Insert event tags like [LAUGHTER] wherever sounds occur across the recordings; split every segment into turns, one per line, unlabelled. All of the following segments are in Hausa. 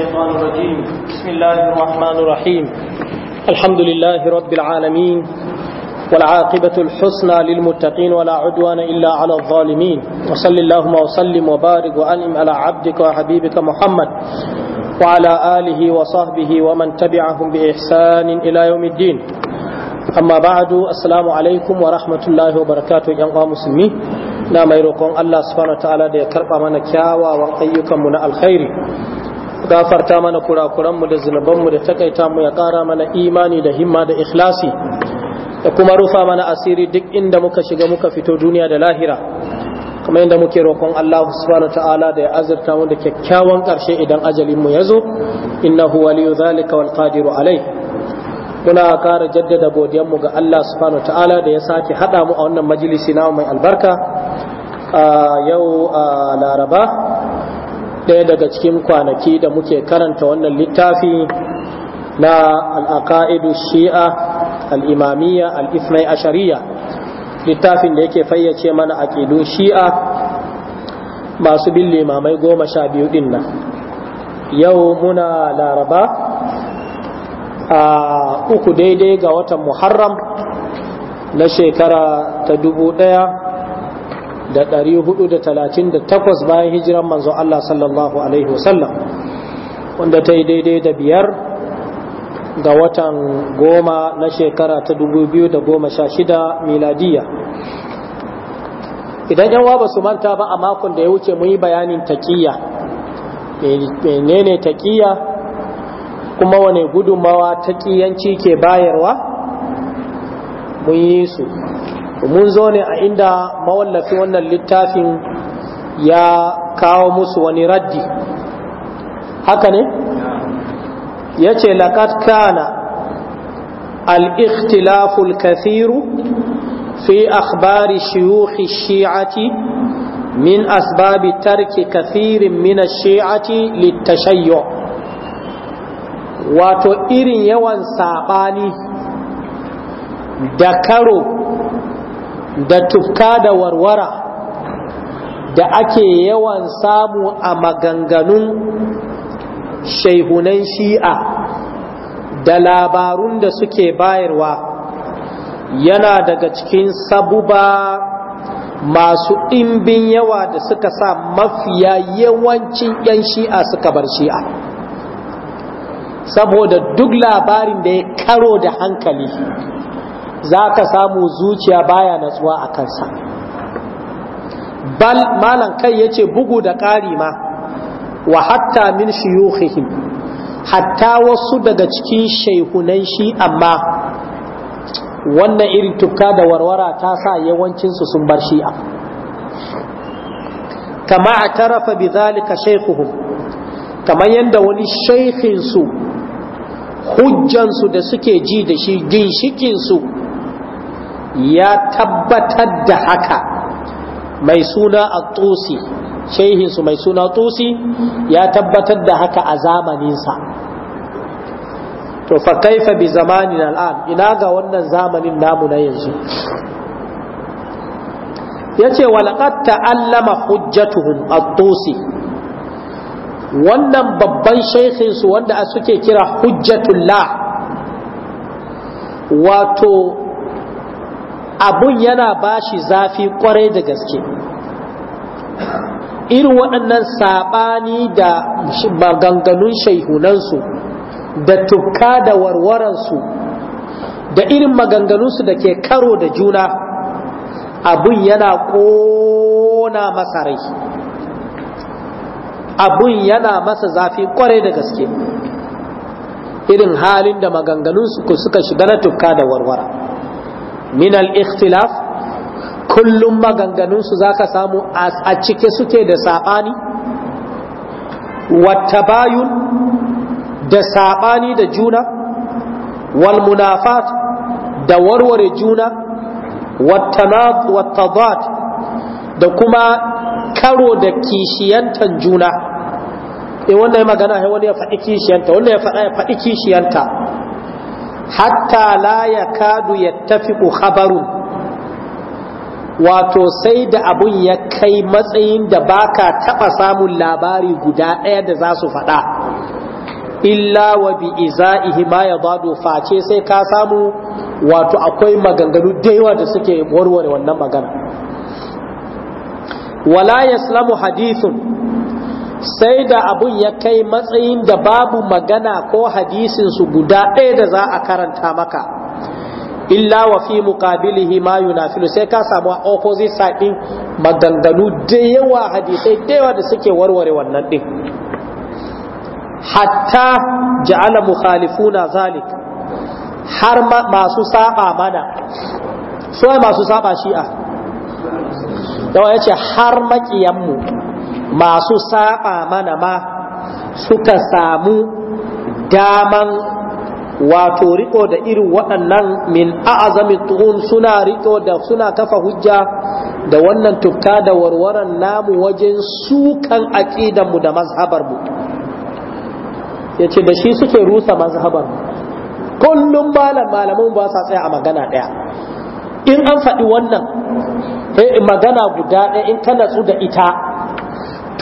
الشيطان الرجيم بسم الله الرحمن الرحيم الحمد لله رب العالمين والعاقبة الحسنى للمتقين ولا عدوان إلا على الظالمين وصل اللهم وسلم وبارك وأنم على عبدك وحبيبك محمد وعلى آله وصحبه ومن تبعهم بإحسان إلى يوم الدين أما بعد السلام عليكم ورحمة الله وبركاته يا مسلمين na mai roƙon Allah subhanahu wataala da ya karɓa mana kyawawan ayyukanmu na alkhairi gafarta mana kurakuranmu da zunubanmu da takaita mu ya kara mana imani da himma da ikhlasi da kuma rufa mana asiri duk inda muka shiga muka fito duniya da lahira kuma inda muke roƙon Allah subhanahu ta'ala da ya azurta mu da kyakkyawan ƙarshe idan ajalinmu ya zo innahu waliyu zalika wal qadiru alai muna kara jaddada godiyarmu ga Allah subhanahu ta'ala da ya sake hada mu a wannan majalisi na mai albarka a yau a laraba ɗaya daga cikin kwanaki da muke karanta wannan littafi na al’aƙa’idu shi'a al'imamiyya al'ifnai shari'a littafin da yake fayyace mana aƙidu shi'a masu bin limamai goma sha biyu ɗin nan yau muna laraba a uku daidai ga watan muharram na shekara ta dubu ɗaya da ɗari hudu da talatin da takwas bayan hijiran manzo Allah sallallahu alaihi wasallam wanda ta yi daidai da biyar ga watan goma na shekara ta dubu biyu da goma sha shida miladiya idan yan ba su manta ba a makon da ya wuce mu yi bayanin taƙiyya menene taƙiyya kuma wane gudunmawa taƙiyanci ke bayarwa mu yi su mun zo ne a inda mawallafi wannan littafin ya kawo musu wani raddi haka ne ya ce laƙat kana al’iktilaful fi akbari shiyuhi shi'ati min asbabi tarki kathirin mina shi'ati littashayyo wato irin yawan saɓani da karo da tufka da warwara da ake yawan samu a maganganun shaihunan shi'a da labarun da suke bayarwa yana daga cikin sabuba masu ɗimbin yawa da suka sa mafiya yawancin 'yan shi'a suka bar shi'a saboda duk labarin da ya karo da hankali za ka samu zuciya baya natsuwa a kansa bal malan kai ce bugu da ƙari ma wa hatta min shuyukhihim hatta wasu daga cikin shaihunan shi amma wannan irin tukka da warwara ta sa yawancinsu sun bar shi'a kama a tarafa bi zalika kamar yadda wani shaikinsu hujjansu da suke ji da shi ginshikinsu ya tabbatar da haka mai suna a tusi shehinsu mai suna tusi ya tabbatar da haka a zamaninsa to fa bi zamanin al'an ina ga wannan zamanin namu na yanzu ya ce walaƙat ta'allama hujjatuhum a tusi wannan babban shaikhinsu wanda suke kira hujjatullah wato abun yana bashi zafi kwarai da gaske irin waɗannan saɓani da maganganun shaihunansu da tukka da warwaransu da irin maganganunsu da ke karo da juna abun yana ƙona masa rai abun yana masa zafi kwarai da gaske irin halin da maganganunsu suka shiga na tukka da warwara min al-ikhtilaf kullum maganganunsu za ka samu a cike suke da saɓani wattabayun da saɓani da juna wal munafat da warware juna wattadat da kuma karo da kishiyantan juna e eh, wanda ya magana wani ya faɗi kishiyanta wanda ya faɗa ya faɗi kishiyanta hatta la ya kadu ya tafi khabarun wato sai da abun ya kai matsayin da baka taɓa samun labari guda ɗaya da za su faɗa illa wa bi iza'ihi ma ya bado face sai ka samu wato akwai maganganu da yawa da suke warware wannan magana wala yaslamu hadithun sai da abun ya kai matsayin da babu magana ko hadisinsu guda ɗaya da za a karanta maka illa wa fi muqabilihi ma yunafilu sai ka samu opposite side din maganganu da yawa hadisai da yawa da suke warware wannan din hatta ja'ala mukhalifuna zalik har masu saba mana so masu saba shi'a yawa yace har makiyanmu masu saba mana ma suka samu daman wato riko da irin waɗannan min a'azamin tuhun suna riko da suna kafa hujja da wannan tukka da warwaran namu wajen sukan aƙidanmu da mazhabarmu ya ce da shi suke rusa mazhabarmu kullum malam malamin ba sa tsaya a magana ɗaya in an faɗi wannan magana guda ɗaya in ka natsu da ita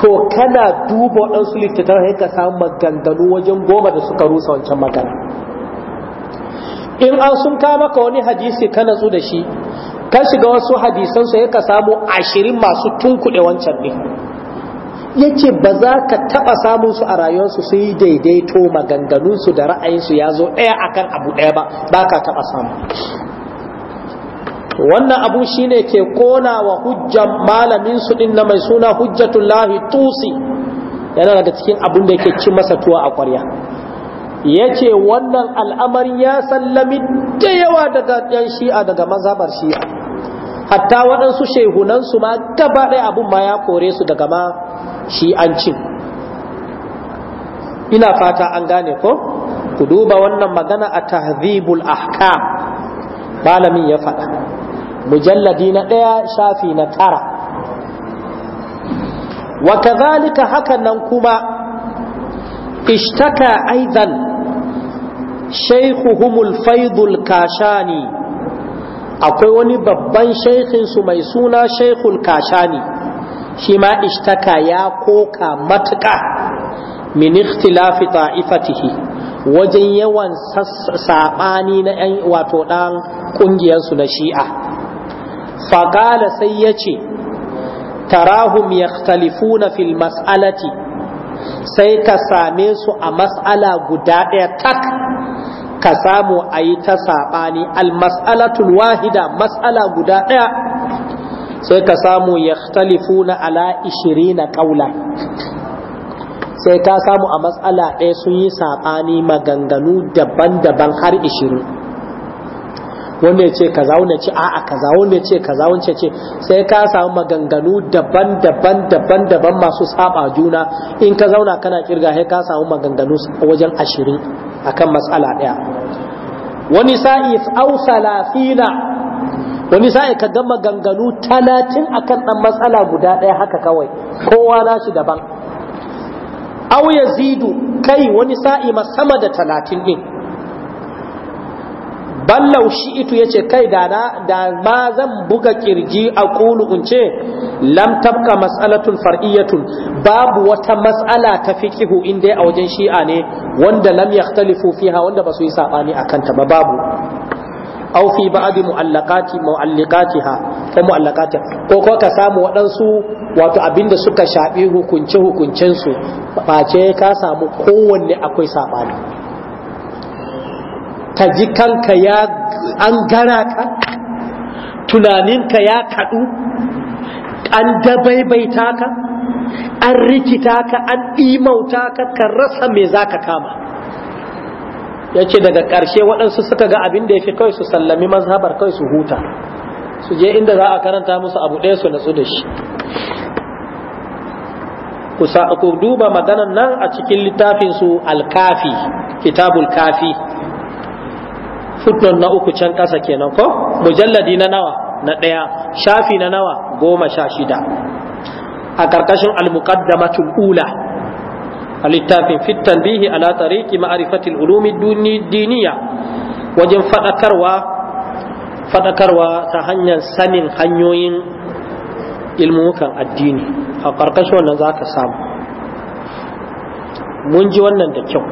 to kana duba waɗansu littattafai ka samu maganganu wajen goma da suka rusa wancan magana in an sun kama maka wani hadisi ka natsu da shi ka shiga wasu hadisan su ka samu ashirin masu tunkuɗe wancan ne yace ba za ka taɓa samun su a rayuwarsu su yi daidaito maganganunsu da ra'ayinsu ya zo ɗaya akan abu ɗaya ba ba ka taɓa samu wannan abu shine ke kona wa hujjan malamin su din na mai suna hujjatullahi tusi yana daga cikin abin da yake ci masa tuwa a ƙwarya yace wannan al'amari ya sallami da yawa daga yan shi'a daga mazhabar shi'a hatta waɗansu shehunan su ma gaba ɗaya abun ma ya kore su daga ma shi'ancin ina fata an gane ko ku duba wannan magana a tahzibul ahkam malamin ya faɗa mujalladi na ɗaya shafi na tara wa kazalika hakan nan kuma ishtaka aidan shaykhuhumul faidul kashani akwai wani babban shaykhinsu mai suna shaykhul kashani shima ma ishtaka ya koka matuƙa min ikhtilafi ta'ifatihi wajen yawan saɓani na ‘yan ɗan ƙungiyarsu na shi'a faƙala sai ya ce tarahum yakhtalifuna fil mas'alati sai ka same su a mas'ala guda ɗaya tak ka samu a yi ta saɓani al-mas'alatul wahida mas'ala guda ɗaya sai ka samu yakhtalifuna ala ishirina ƙaula sai ka samu a mas'ala ɗaya sun yi saɓani maganganu daban-daban har ishirin wanda ya ce kaza wanda ya ce a'a kaza wanda ya ce kaza wanda ce sai ka samu maganganu daban-daban daban-daban masu saba juna in ka zauna kana kirga sai ka samu maganganu wajen ashirin akan matsala ɗaya wani sa'i au salafina wani sa'i ka ga maganganu talatin akan ɗan matsala guda ɗaya haka kawai kowa nashi daban au yazidu kai wani sa'i ma sama da talatin ɗin ballau shi itu yace kai da na da ma zan buga kirji a kulu in ce lam tabka mas'alatun far'iyyatun babu wata mas'ala ta fiqihu in dai a wajen shi'a ne wanda lam yakhtalifu fiha wanda ba su yi sabani akan ta ba babu aw fi ba'd mu'allaqati mu'allaqatiha ko mu'allaqati ko ko ka samu waɗansu wato abinda suka shafi hukunce hukuncen su ba ce ka samu kowanne akwai sabani ka ji kanka ya an gara ka tunaninka ya kaɗu an dabaibaita ka an rikita ka an imauta ka ka rasa me za ka kama ya ce daga ƙarshe waɗansu suka ga abin da ya fi kawai su sallami mazhabar kai su huta su je inda za a karanta musu abu ɗaya su natsu da shi ku duba maganan nan a cikin littafinsu alkafi kitabul kafi footnote na uku can ƙasa kenan ko mujalladi na nawa na ɗaya shafi na nawa goma sha shida a ƙarƙashin al-muqaddamatul ula littafin fitan bihi ala tariki ma'arifatil ulumi duniya wajen fadakarwa ta hanyar sanin hanyoyin ilmukan addini a ƙarƙashin wannan za ka samu mun ji wannan da kyau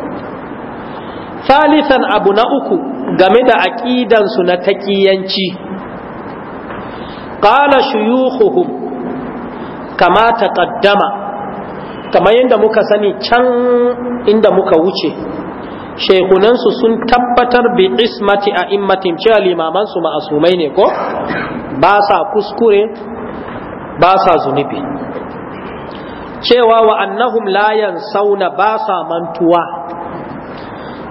salisan abu na uku game da aƙidansu na taƙiyanci ƙala shuyuhuhum kama ƙaddama, kamar yadda muka sani can inda muka wuce shekunansu sun tabbatar bi ismati a immatin cewa limamansu ma'asumai ne ko ba sa kuskure ba sa zunubi cewa wa annahum layan sauna ba sa mantuwa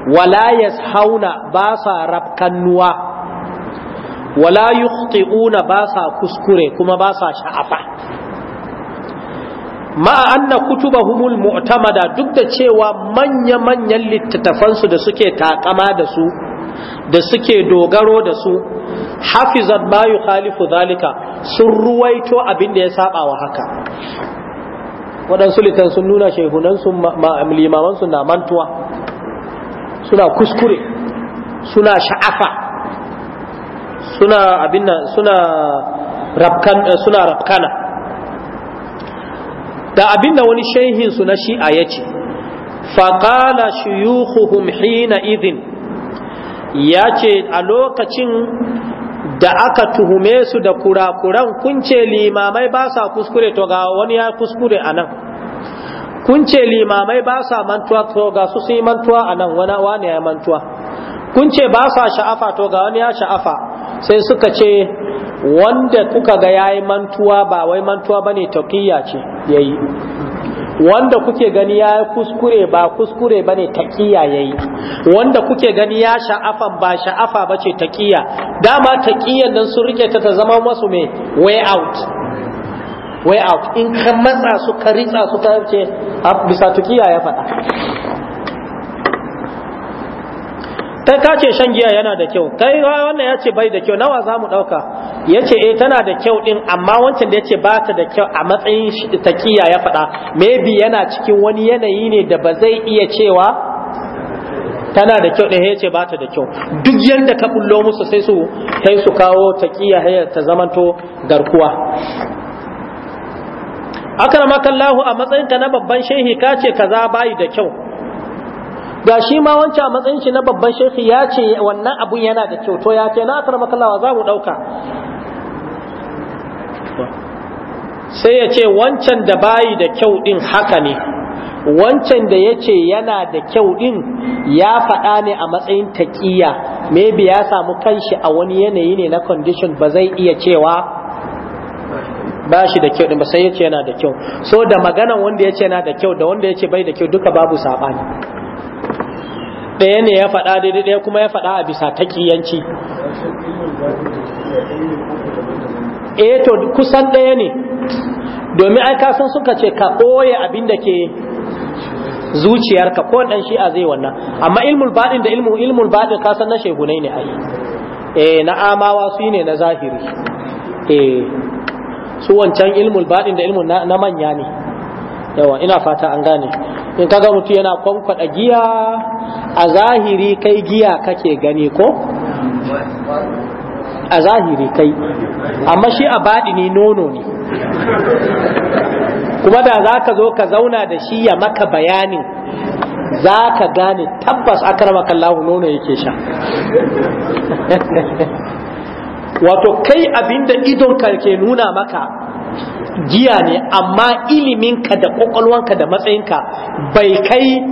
wala hauna ba sa rafkannuwa wala yuqti'una ba sa kuskure kuma ba sa sha'afa ma'a anna kutubahumul mu'tamada duk da cewa manya-manyan littattafansu da suke takama da su da suke dogaro da su hafizan ma yukhalifu zalika sun ruwaito abin da ya saba wa haka waɗansu littan sun nuna shehunansu limamansu na mantuwa suna kuskure suna sha'afa suna abinna suna rabkan eh, suna rafkana da abinda wani wani su na shi'a ya ce faƙala shuyuhuhum hina izin ya ce a lokacin da aka tuhume su da kurakuran kunce limamai ba sa kuskure to ga wani ya kuskure a nan kun ce limamai ba sa mantuwa to ga su sun mantuwa a nan wani wani ya mantuwa kun ce ba sa sha'afa to ga wani ya sha'afa sai suka ce wanda kuka ga ya yi mantuwa ba wai mantuwa bane taqiyya ce ya yi. wanda kuke gani ya yi kuskure ba kuskure ba ne taƙiya ya yi wanda kuke gani ya sha'afan ba sha'afa ba ce taƙiya dama taƙiyan nan sun rike ta ta zama masu mai way out way out in ka matsa su ka ritsa su ka ce bisa tukiya ya faɗa ta ka ce shan giya yana da kyau kai wannan ya ce bai da kyau nawa za mu ɗauka ya ce eh tana da kyau ɗin amma wancan da ya ce ba ta da kyau a matsayin takiya ya faɗa maybe yana cikin wani yanayi ne da ba zai iya cewa tana da kyau ɗaya ya ce ba ta da kyau duk yadda ka bullo musu sai su kai su kawo takiya ta zamanto garkuwa akramakallahu a matsayinka na babban shehi ka ce kaza bai da kyau ga shi ma wancan a matsayin shi na babban shehi ya ce wannan abun yana da kyau to ya ce na akramakallahu za mu dauka sai ya ce wancan da bai da kyau din haka ne wancan da ya ce yana da kyau din ya faɗa ne a matsayin taƙiya maybe ya samu kanshi a wani yanayi ne na condition ba zai iya cewa ba shi da kyau din ba sai yace yana da kyau so da maganan wanda yace yana da kyau da wanda yace bai da kyau duka babu sabani ɗaya ne ya faɗa daidai ɗaya kuma ya faɗa a bisa taƙiyanci
eh to kusan ɗaya ne
domin ai ka san suka ce ka ɓoye abin da ke zuciyarka ko ɗan shi'a zai wannan amma ilmul baɗin da ilmu ilmul baɗin ka san na shehunai ne ai eh na amawa su ne na zahiri eh su wancan ilmul baɗin da ilmul na manya ne yawa ina fata an gane in kaga mutum yana kwankwada giya a zahiri kai giya kake gani ko a zahiri kai amma shi a ne nono ne kuma da za ka zo ka zauna da shi ya maka bayanin za ka gane tabbas akarama kallahu nono yake sha [LAUGHS] wato kai abinda idonka ke nuna maka giya ne amma iliminka da kwakwalwanka da matsayinka bai kai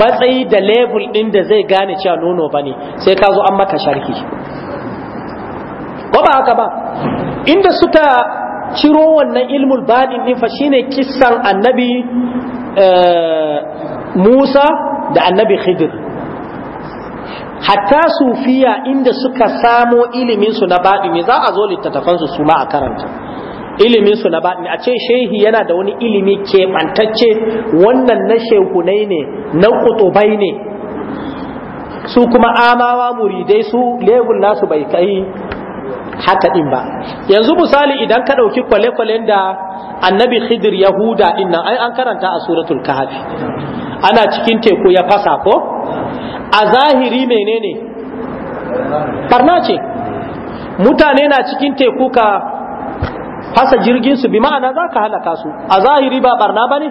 matsayi da level ɗin da zai gane cewa nono ba ne sai ka zo an maka sharki ko ba haka ba inda suka ciro wannan ilmul badin din fa shine kissan annabi eh, Musa da annabi Khidir hatta sufiya inda suka samo iliminsu na baɗini za a zo littattafansu su ma a karanta iliminsu na ne a ce shehi yana da wani ilimi keɓantacce wannan na shehunai ne na ƙutubai ne su kuma amawa muridai su lebul nasu bai kai haka din ba yanzu misali idan ka ɗauki kwale-kwalen da annabi khidir yahuda din nan ai an karanta a suratul kahfi ana cikin teku ya fasa ko a zahiri menene barna ce mutane na cikin teku ka fasa jirgin su bi ma'ana za ka halaka su a zahiri ba barna ba ne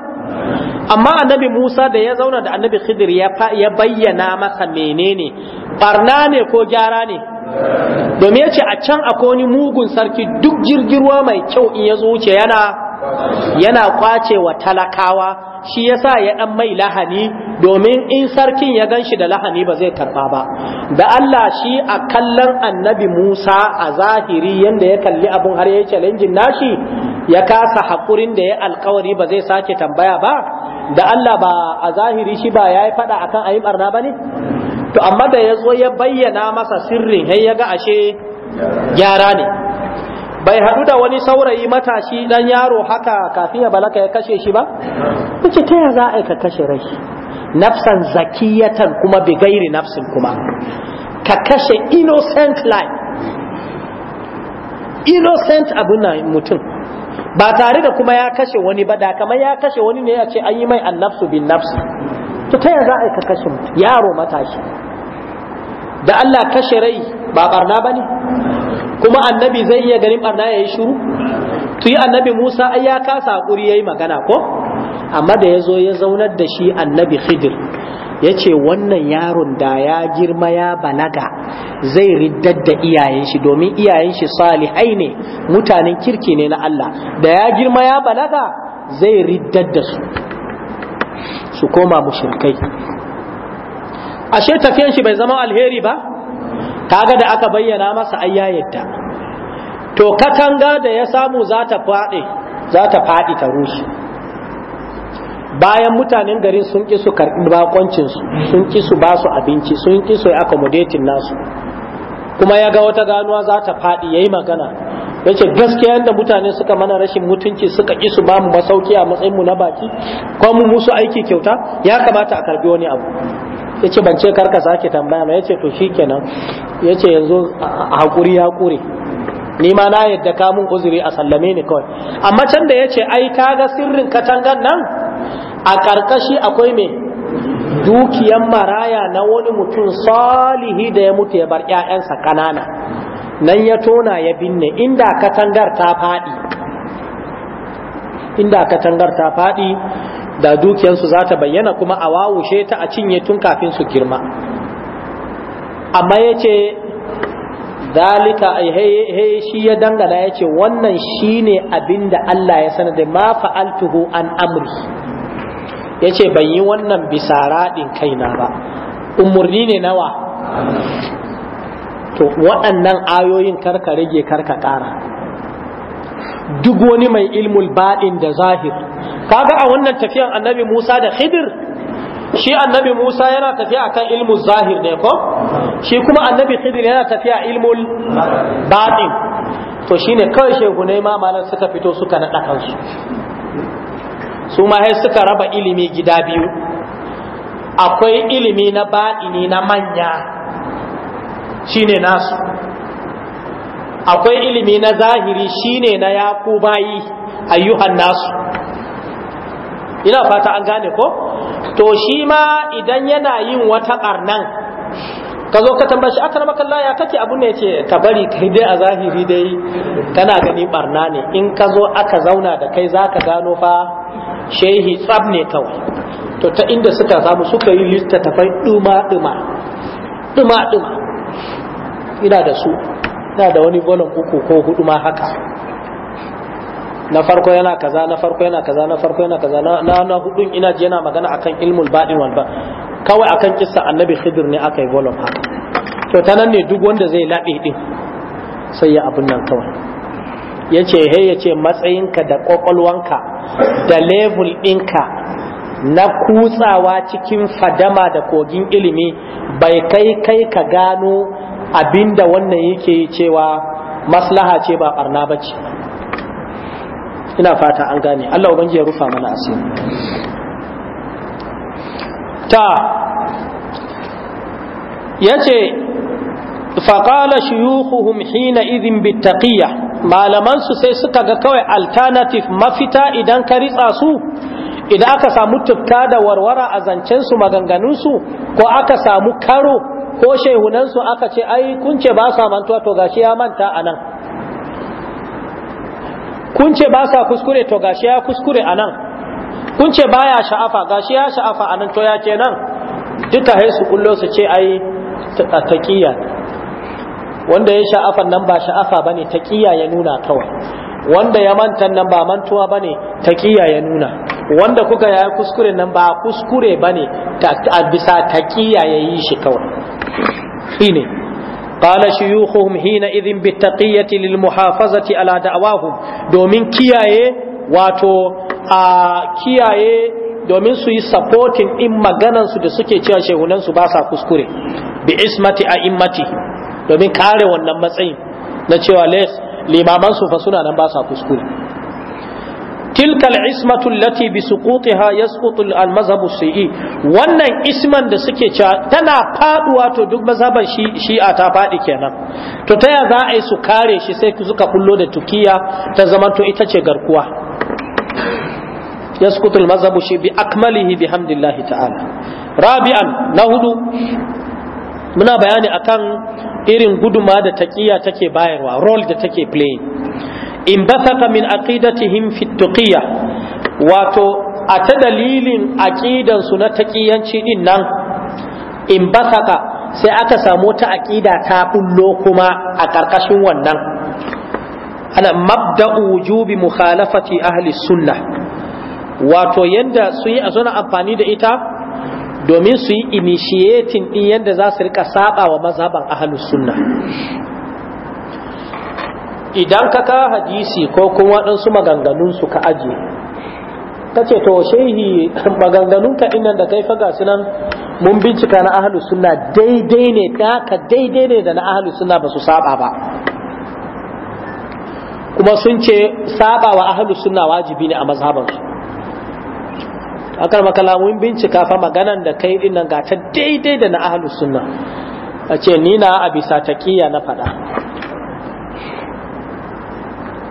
amma annabi musa da ya zauna da annabi khidir ya bayyana masa menene barna ne ko gyara ne domin ya ce a can akwai wani mugun sarki duk jirgirwa mai kyau in ya zo wuce yana yana kwace wa talakawa shi yasa ya dan mai lahani domin in sarkin ya ganshi da lahani ba zai karba ba da Allah shi a kallon annabi Musa a zahiri yanda ya kalli abun har ya yi challenge nashi ya kasa hakurin da ya alkawari ba zai sake tambaya ba da Allah ba a zahiri shi ba yayi fada akan ayi barna ne? to amma da ya zo ya bayyana masa sirrin hai ya ga ashe gyara ne bai haɗu da wani saurayi matashi dan yaro haka kafin ya balaka ya kashe shi ba kace ta ya za a ka kashe rai nafsan zakiyatan kuma bi gairi nafsin kuma ka kashe innocent life innocent abu na mutum ba tare da kuma ya kashe wani ba da kamar ya kashe wani ne ya ce an yi mai annafsu bin nafsu to ta ya za a ka kashe mutum yaro matashi da Allah kashe rai ba barna ne? kuma annabi zai iya ganin barna ya yi shiru Tuyi yi annabi Musa ai ya kasa hakuri yi magana ko amma da ya zo ya zaunar da shi annabi Khidir ce wannan yaron da ya girma ya balaga zai riddar da iyayen shi domin iyayen shi salihai ne mutanen kirki ne na Allah da ya girma ya balaga zai riddar da su su koma mushrikai ashe tafiyan shi bai zama alheri ba kaga da aka bayyana masa ayyayyata to katanga da ya samu za ta fadi za ta rushe bayan mutanen garin sun ki su karbi bakoncin su sun ki su ba su abinci sun ki su accommodating nasu kuma ya ga wata ganuwa za ta faɗi yayi magana yace gaskiya da mutane suka mana rashin mutunci suka ki su ba mu masauki a matsayin mu na baki ko mu musu aiki kyauta ya kamata a karbi wani abu ya ce ban ce karka sake tambaya mai ya ce to shi kenan ya ce yanzu haƙuri ya ƙure ni ma na yadda kamun uzuri a sallame ni kawai amma can da ya ce ai ga sirrin katangan nan a ƙarƙashi akwai me dukiyan maraya na wani mutum salihi da ya mutu ya bar ƴaƴansa ƙanana nan ya tona ya binne inda katangar ta faɗi inda katangar ta faɗi da dukiyarsu za ta bayyana kuma a wawushe ta a cinye tun kafin su girma amma ya ce dalika shi ya dangana ya ce wannan shi ne abin da Allah ya sanar da ma fa'altuhu an amri ya ce ban yi wannan bisa raɗin kaina ba umarni ne nawa to waɗannan ayoyin karka rage karka ƙara duk wani mai ilmul ba'in da zahir kaga a wannan tafiyan annabi Musa da Khidir shi annabi Musa yana tafiya akan ilmul zahir ne ko shi kuma annabi Khidir yana tafiya ilmul ba'in? to shine kawai shi ne ma malan suka fito suka naɗa kansu su ma sai suka raba ilimi gida biyu akwai ilimi na ba'ini na manya shine nasu akwai ilimi na zahiri shine na ya ku bayi ayyuhan nasu ina fata an gane ko to shi ma idan yana yin wata ƙarnan ka zo ka tambashi aka na makalla ya kake abu ne ce ka bari kai dai a zahiri dai kana gani barna ne in ka zo aka zauna da kai za ka gano fa shehi tsab ne kawai to ta inda suka samu suka yi lista littattafai duma duma, duma duma, ina da su na da wani bolon uku ko hudu ma haka na farko yana kaza na farko yana kaza na farko yana kaza na na hudun ina ji yana magana akan ilmul badin wal ba kawai akan kissa annabi khidir ne aka yi bolon haka to ta nan ne duk wanda zai labe din sai ya abun nan kawai yace he yace matsayinka da kokolwanka da level dinka na kutsawa cikin fadama da kogin ilimi bai kai kai ka gano abinda wannan yake cewa maslaha ce ba barna ba ce ina fata an gane Allah ubangiji ya rufa mana asiri ta yace faqala shuyukhuhum hina idhin bittaqiyya malaman su sai suka ga kawai alternative mafita idan ka ritsa su idan aka samu tukka da warwara a zancen su maganganun su ko aka samu karo ko shehunansu aka ce ai kun ce ba sa mantuwa to gashi ya manta a nan kun ce ba sa kuskure to gashi ya kuskure a nan kun ce baya sha'afa gashi ya sha'afa a nan to ya ce nan duka hai su kullo su ce ai taƙiyya. wanda ya sha'afa nan ba sha'afa bane taqiya ya nuna kawai wanda ya manta nan ba mantuwa bane taqiya ya nuna wanda kuka ya kuskure nan ba kuskure bane ta bisa taqiya yayi shi kawai shine qala shuyukhuhum hina idhin bittaqiyati lilmuhafazati ala da'wahum domin kiyaye wato a kiyaye domin suyi yi in maganarsu da suke cewa shehunan su ba sa kuskure bi ismati a'immati domin kare wannan matsayin na cewa les limaman su fa suna nan ba sa kuskure tilkal ismatu allati bi suqutiha yasqutu al mazhab shi'i wannan isman da suke cewa tana faduwa to duk mazhaban shi'a ta fadi kenan to taya za a yi su kare shi sai suka kullo da tukiya ta zamanto ita ce garkuwa yasqutu al mazhab shi bi akmalihi bihamdillahi ta'ala rabi'an na hudu muna bayani akan irin guduma da taqiya take bayarwa role da take playing in basaka min aqidatihim fi tuqiya wato a ta dalilin aqidan su na taqiyanci din nan in basaka sai aka samu ta aqida ta bullo kuma a karkashin wannan ana mabda'u wujubi mukhalafati ahli sunnah wato yanda su yi a suna amfani da ita domin su yi initiating din yadda za su rika saba wa mazhaban ahlus sunna idan ka ka hadisi ko kuma waɗansu maganganun su ka aje ta ce to shehi [LAUGHS] maganganun ka inan da kai faga su nan mun bincika na ahlus sunna daidai ne ka daidai ne da na ahlus sunna ba su saba ba kuma sun ce saba wa ahlus sunna wajibi ne a mazhabansu akar makala bincika fa maganan da kai din nan ta daidai da na ahlus sunna a ce ni na a bisa taqiya na faɗa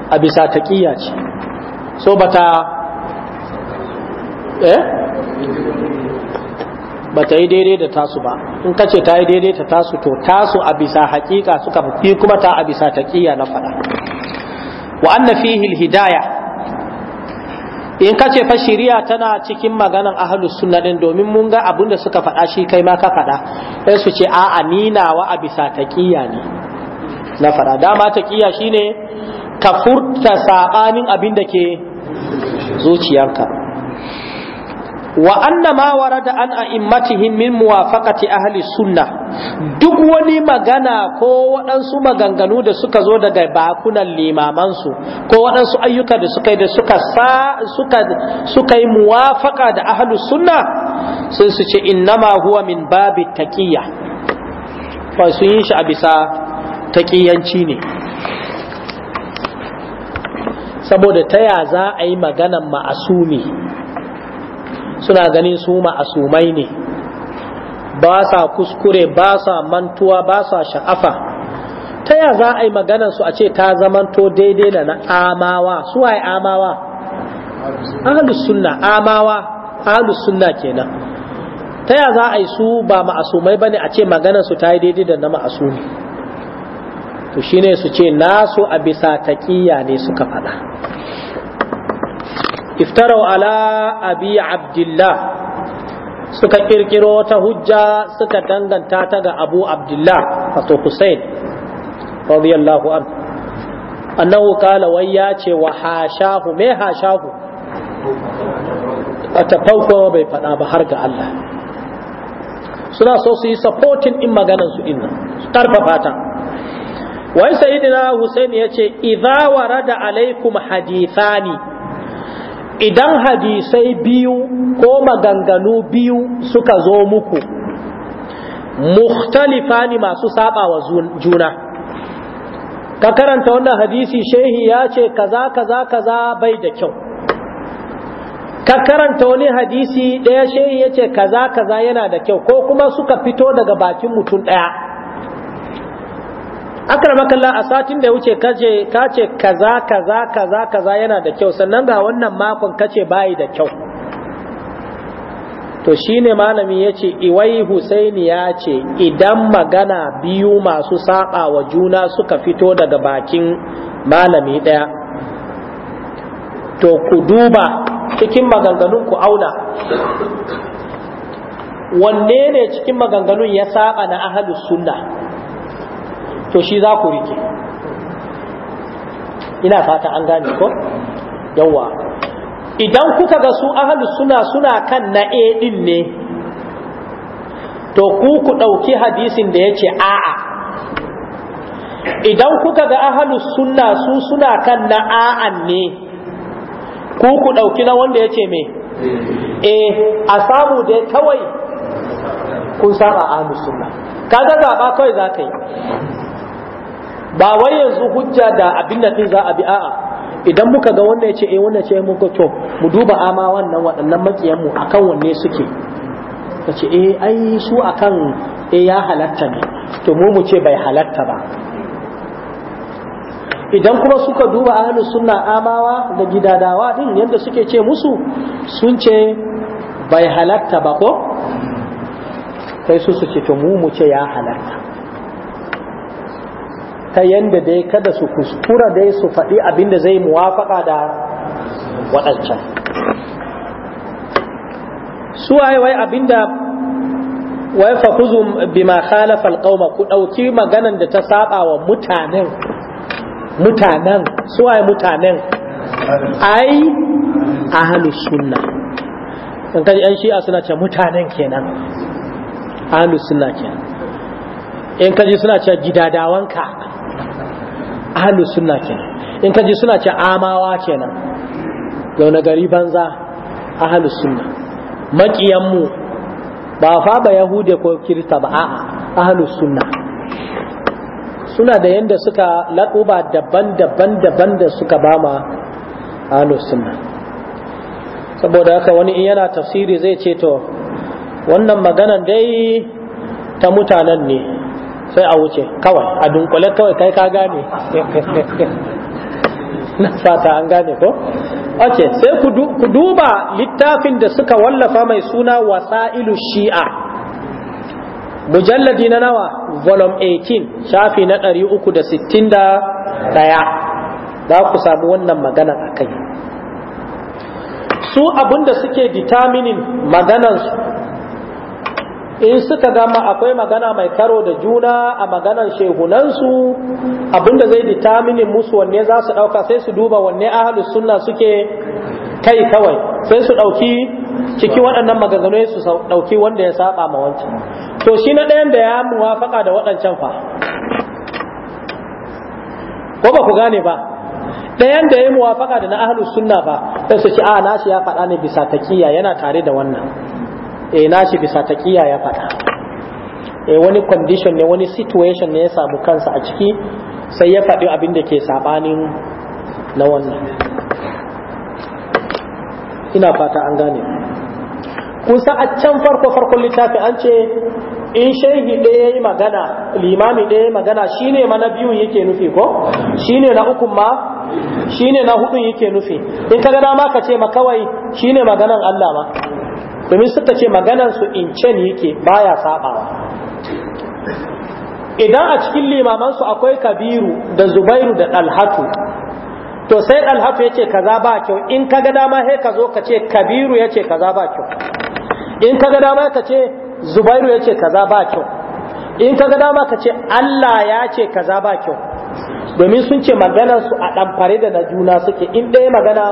a bisa taqiya ce so bata eh bata yi daidai da tasu ba in ka ce ta yi daidai ta tasu to tasu a bisa haƙiƙa suka fi kuma ta a bisa taqiya na faɗa wa anna fihi hidaya in ka ce fa shari'a tana cikin maganan ahalus sunna din domin mun ga abin da suka faɗa shi kai ma ka faɗa sai su ce a'a ni nawa a bisa taƙiya ne na faɗa dama shi shine ka furta sabanin abin da ke zuciyarka wa anna ma warada an a'immatihim min muwafaqati ahli duk wani magana ko waɗansu maganganu da suka zo daga bakunan limaman su ko waɗansu ayyuka da suka yi da suka sa suka suka yi muwafaqa da ahli sunna sai su ce innama huwa min babi taqiyya fa su yin shi a bisa taqiyanci ne saboda ta ya za a yi maganan ma'asumi suna ganin su ma'asumai ne ba sa kuskure ba sa mantuwa ba sa sha'afa ta ya za a yi maganar su a ce ta zamanto daidai da na amawa su waye amawa ahlus sunna amawa ahlus sunna kenan ta ya za a yi su ba ma'asumai bane a ce maganar su ta yi daidai da na ma'asumi to shine su ce nasu a bisa taƙiyya ne suka faɗa iftarau ala abi abdullah suka kirkiro ta hujja suka danganta ta ga abu abdullah wato hussein radiyallahu an annahu kala wai ya ce wa hashahu me hashahu a tafaukowa bai faɗa ba har ga Allah suna so su yi supporting in maganan su inna su karfafa ta wai sayyidina Hussein ya ce idza warada alaikum hadithani idan hadisai biyu ko maganganu biyu suka zo muku mukhtalifani masu saba wa juna ka karanta wannan hadisi shehi ya ce kaza kaza kaza bai da kyau ka karanta wani hadisi ɗaya shehi ya ce kaza kaza yana da kyau ko kuma suka fito daga bakin mutum ɗaya Akar makalla a satin da ya wuce kace kace kaza kaza kaza kaza yana da kyau sannan ga wannan makon kace bayi da kyau to shine malami yace iwai husaini ya ce idan magana biyu masu saba wa juna suka fito daga bakin malami daya to ku duba cikin maganganun ku auna wanne ne cikin maganganun ya saba na ahlus sunna to shi za ku rike ina fata an gane ko yawa idan kuka ga su ahalus suna suna kan na a din ne to ku ku ɗauki hadisin da yace a'a idan kuka ga ahalus sunna su suna kan na a'an ne ku ku ɗauki na wanda yace me eh a samu dai kawai kun saba ahalus sunna kaga zaba kawai za ka yi ba wai yanzu hujja da abin da za a bi a'a idan muka ga wanda ya ce eh wanda ce muka, to mu duba ama wannan waɗannan makiyan mu akan wanne suke ka ce eh ai su akan eh ya halatta ne to mu mu ce bai halatta ba idan kuma suka duba ahli sunna amawa da gidadawa din yadda suke ce musu sun ce bai halatta ba ko sai su su ce to mu mu ce ya halatta ta yanda dai kada su kuskura dai su faɗi abinda zai muwafaka da waɗancan su waye wai abinda wai fa kuzu bima khalafa alqauma ku dauki maganan da ta saba wa mutanen mutanen su waye mutanen ai ahlus sunna kan kaji an shi'a suna ce mutanen kenan ahlus sunna kenan in kaji suna ce gidadawanka ahlus sunna kenan in ka ji suna ce amawa kenan gauna gari banza ahlus sunna maƙiyan ba fa ba yahude ko kirista ba a'a ahlus sunna suna da yanda suka laɗuba daban-daban daban da suka bama ahlus sunna saboda haka wani in yana tafsiri zai ce to wannan maganan dai ta mutanen ne sai a wuce kawai a dunkule kawai kai ka gane [LAUGHS] na fata an gane ko ok sai ku duba littafin da suka wallafa mai suna wasa'ilu shi'a mujalladi na nawa volume 18 shafi na 361 za ku samu wannan magana a kai su abinda suke determining maganansu in suka gama akwai magana mai karo da juna a maganar shehunansu abinda zai determine musu wanne za su ɗauka sai su duba wanne ahalus sunna suke kai kawai
sai su ɗauki ciki
waɗannan maganganu su ɗauki wanda ya saba ma wancan to shi na ɗayan da ya muwafaka da waɗancan fa ko ba ku gane ba ɗayan da ya muwafaka da na ahalus sunna ba sai su ci a shi ya faɗa ne bisa takiya yana tare da wannan eh nashi bisa ta taqiya ya faɗa E wani condition ne wani situation ne ya samu kansa a ciki sai ya faɗi abin da ke sabanin na wannan ina fata an gane kun sa a can farko farkon littafi an ce in shehi ɗaya ya yi magana limami ɗaya ya magana shine ma na biyun yake nufi ko shine na ukun ma shine na hudun yake nufi in ka gada ma ka ce ma kawai shine maganan Allah ma domin suka ce maganansu in ce ne yake baya sabawa idan a cikin limamansu akwai kabiru da zubairu da dalhatu to sai dalhatu ya ce kaza ba kyau in ka ga dama sai ka zo ka ce kabiru ya ce kaza ba kyau in ka ga dama ka ce zubairu ya ce kaza ba kyau in ka ga dama ka ce allah ya ce kaza ba kyau domin sun ce maganarsu a ɗanfare da na juna suke in ɗaya magana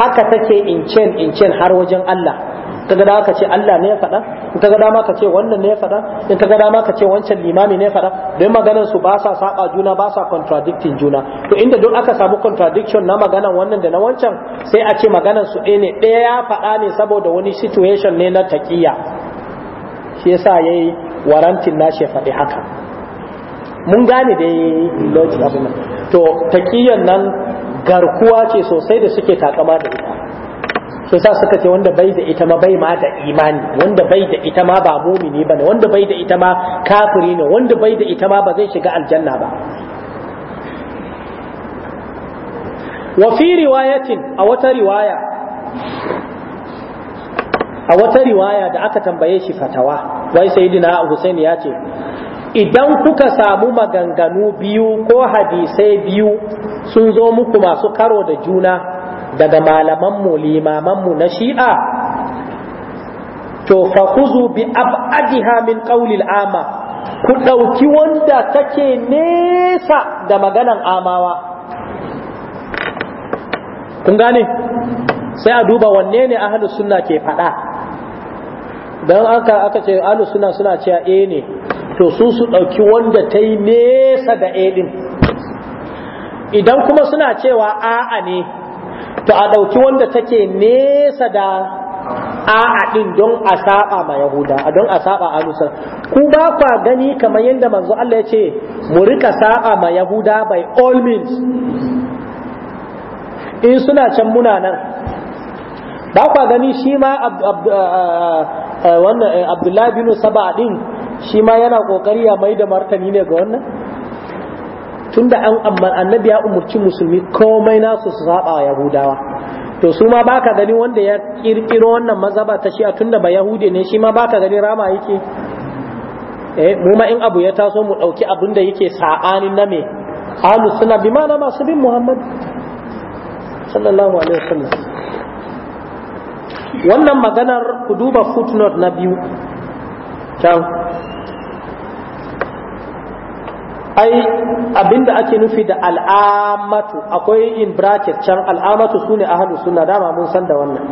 haka take in cen in cen har wajen allah kaga da ka ce Allah ne ya faɗa in kaga dama ka ce wannan ne ya faɗa in kaga dama ka ce wancan limami ne ya faɗa don maganar su ba sa saba juna ba sa contradicting juna to inda duk aka samu contradiction na maganar wannan da na wancan sai a ce maganar su ɗaya ne ɗaya ya faɗa ne saboda wani situation ne na taƙiyya shi yasa yayi warantin na ya faɗi haka mun gane dai logic abin to taƙiyyan nan garkuwa ce sosai da suke takama da ita shi sa suka ce wanda bai da ita ma bai ma da imani wanda bai da ita ma ba mumini bane wanda bai da ita ma kafiri ne wanda bai da ita ma ba zai shiga aljanna ba wa fi riwayatin a wata riwaya a wata riwaya da aka tambaye shi fatawa wai sayyidina Hussein ya ce idan kuka samu maganganu biyu ko hadisai biyu sun zo muku masu karo da juna daga malamanmu limamanmu na shi'a to fa kuzu bi ab'adiha min qawlil ama ku dauki wanda take nesa da maganan amawa kun gane sai a duba wanne ne ahlus sunna ke fada dan aka aka ce ahlus sunna suna cewa eh ne to su su dauki wanda ta yi nesa da eh din idan kuma suna cewa a'a ne to a ɗauki wanda take nesa da a'a din don a saba ma yahuda a don a saba alusar ku ba kwa gani kamar yadda manzo Allah ya ce mu rika saba ma yahuda by all means in suna can muna nan ba kwa gani shi ma uh, uh, uh, wannan eh, abdullahi bin saba din shi ma yana kokari ya mai da martani ne ga wannan tunda an amma annabi ya umurci musulmi komai nasu su saba wa yahudawa to su ma baka gani wanda ya kirkiro wannan mazhaba ta shi'a da ba yahudi ne shi ma baka gani rama yake eh mu ma in abu ya taso mu dauki abin da yake sabanin na me ahlus sunna bi ma'ana masu bin muhammad sallallahu alaihi wasallam wannan maganar ku duba footnote na biyu ta
ai abinda ake
nufi da al'amatu akwai in bracket can al'amatu sune ahlu sunna dama mun san da wannan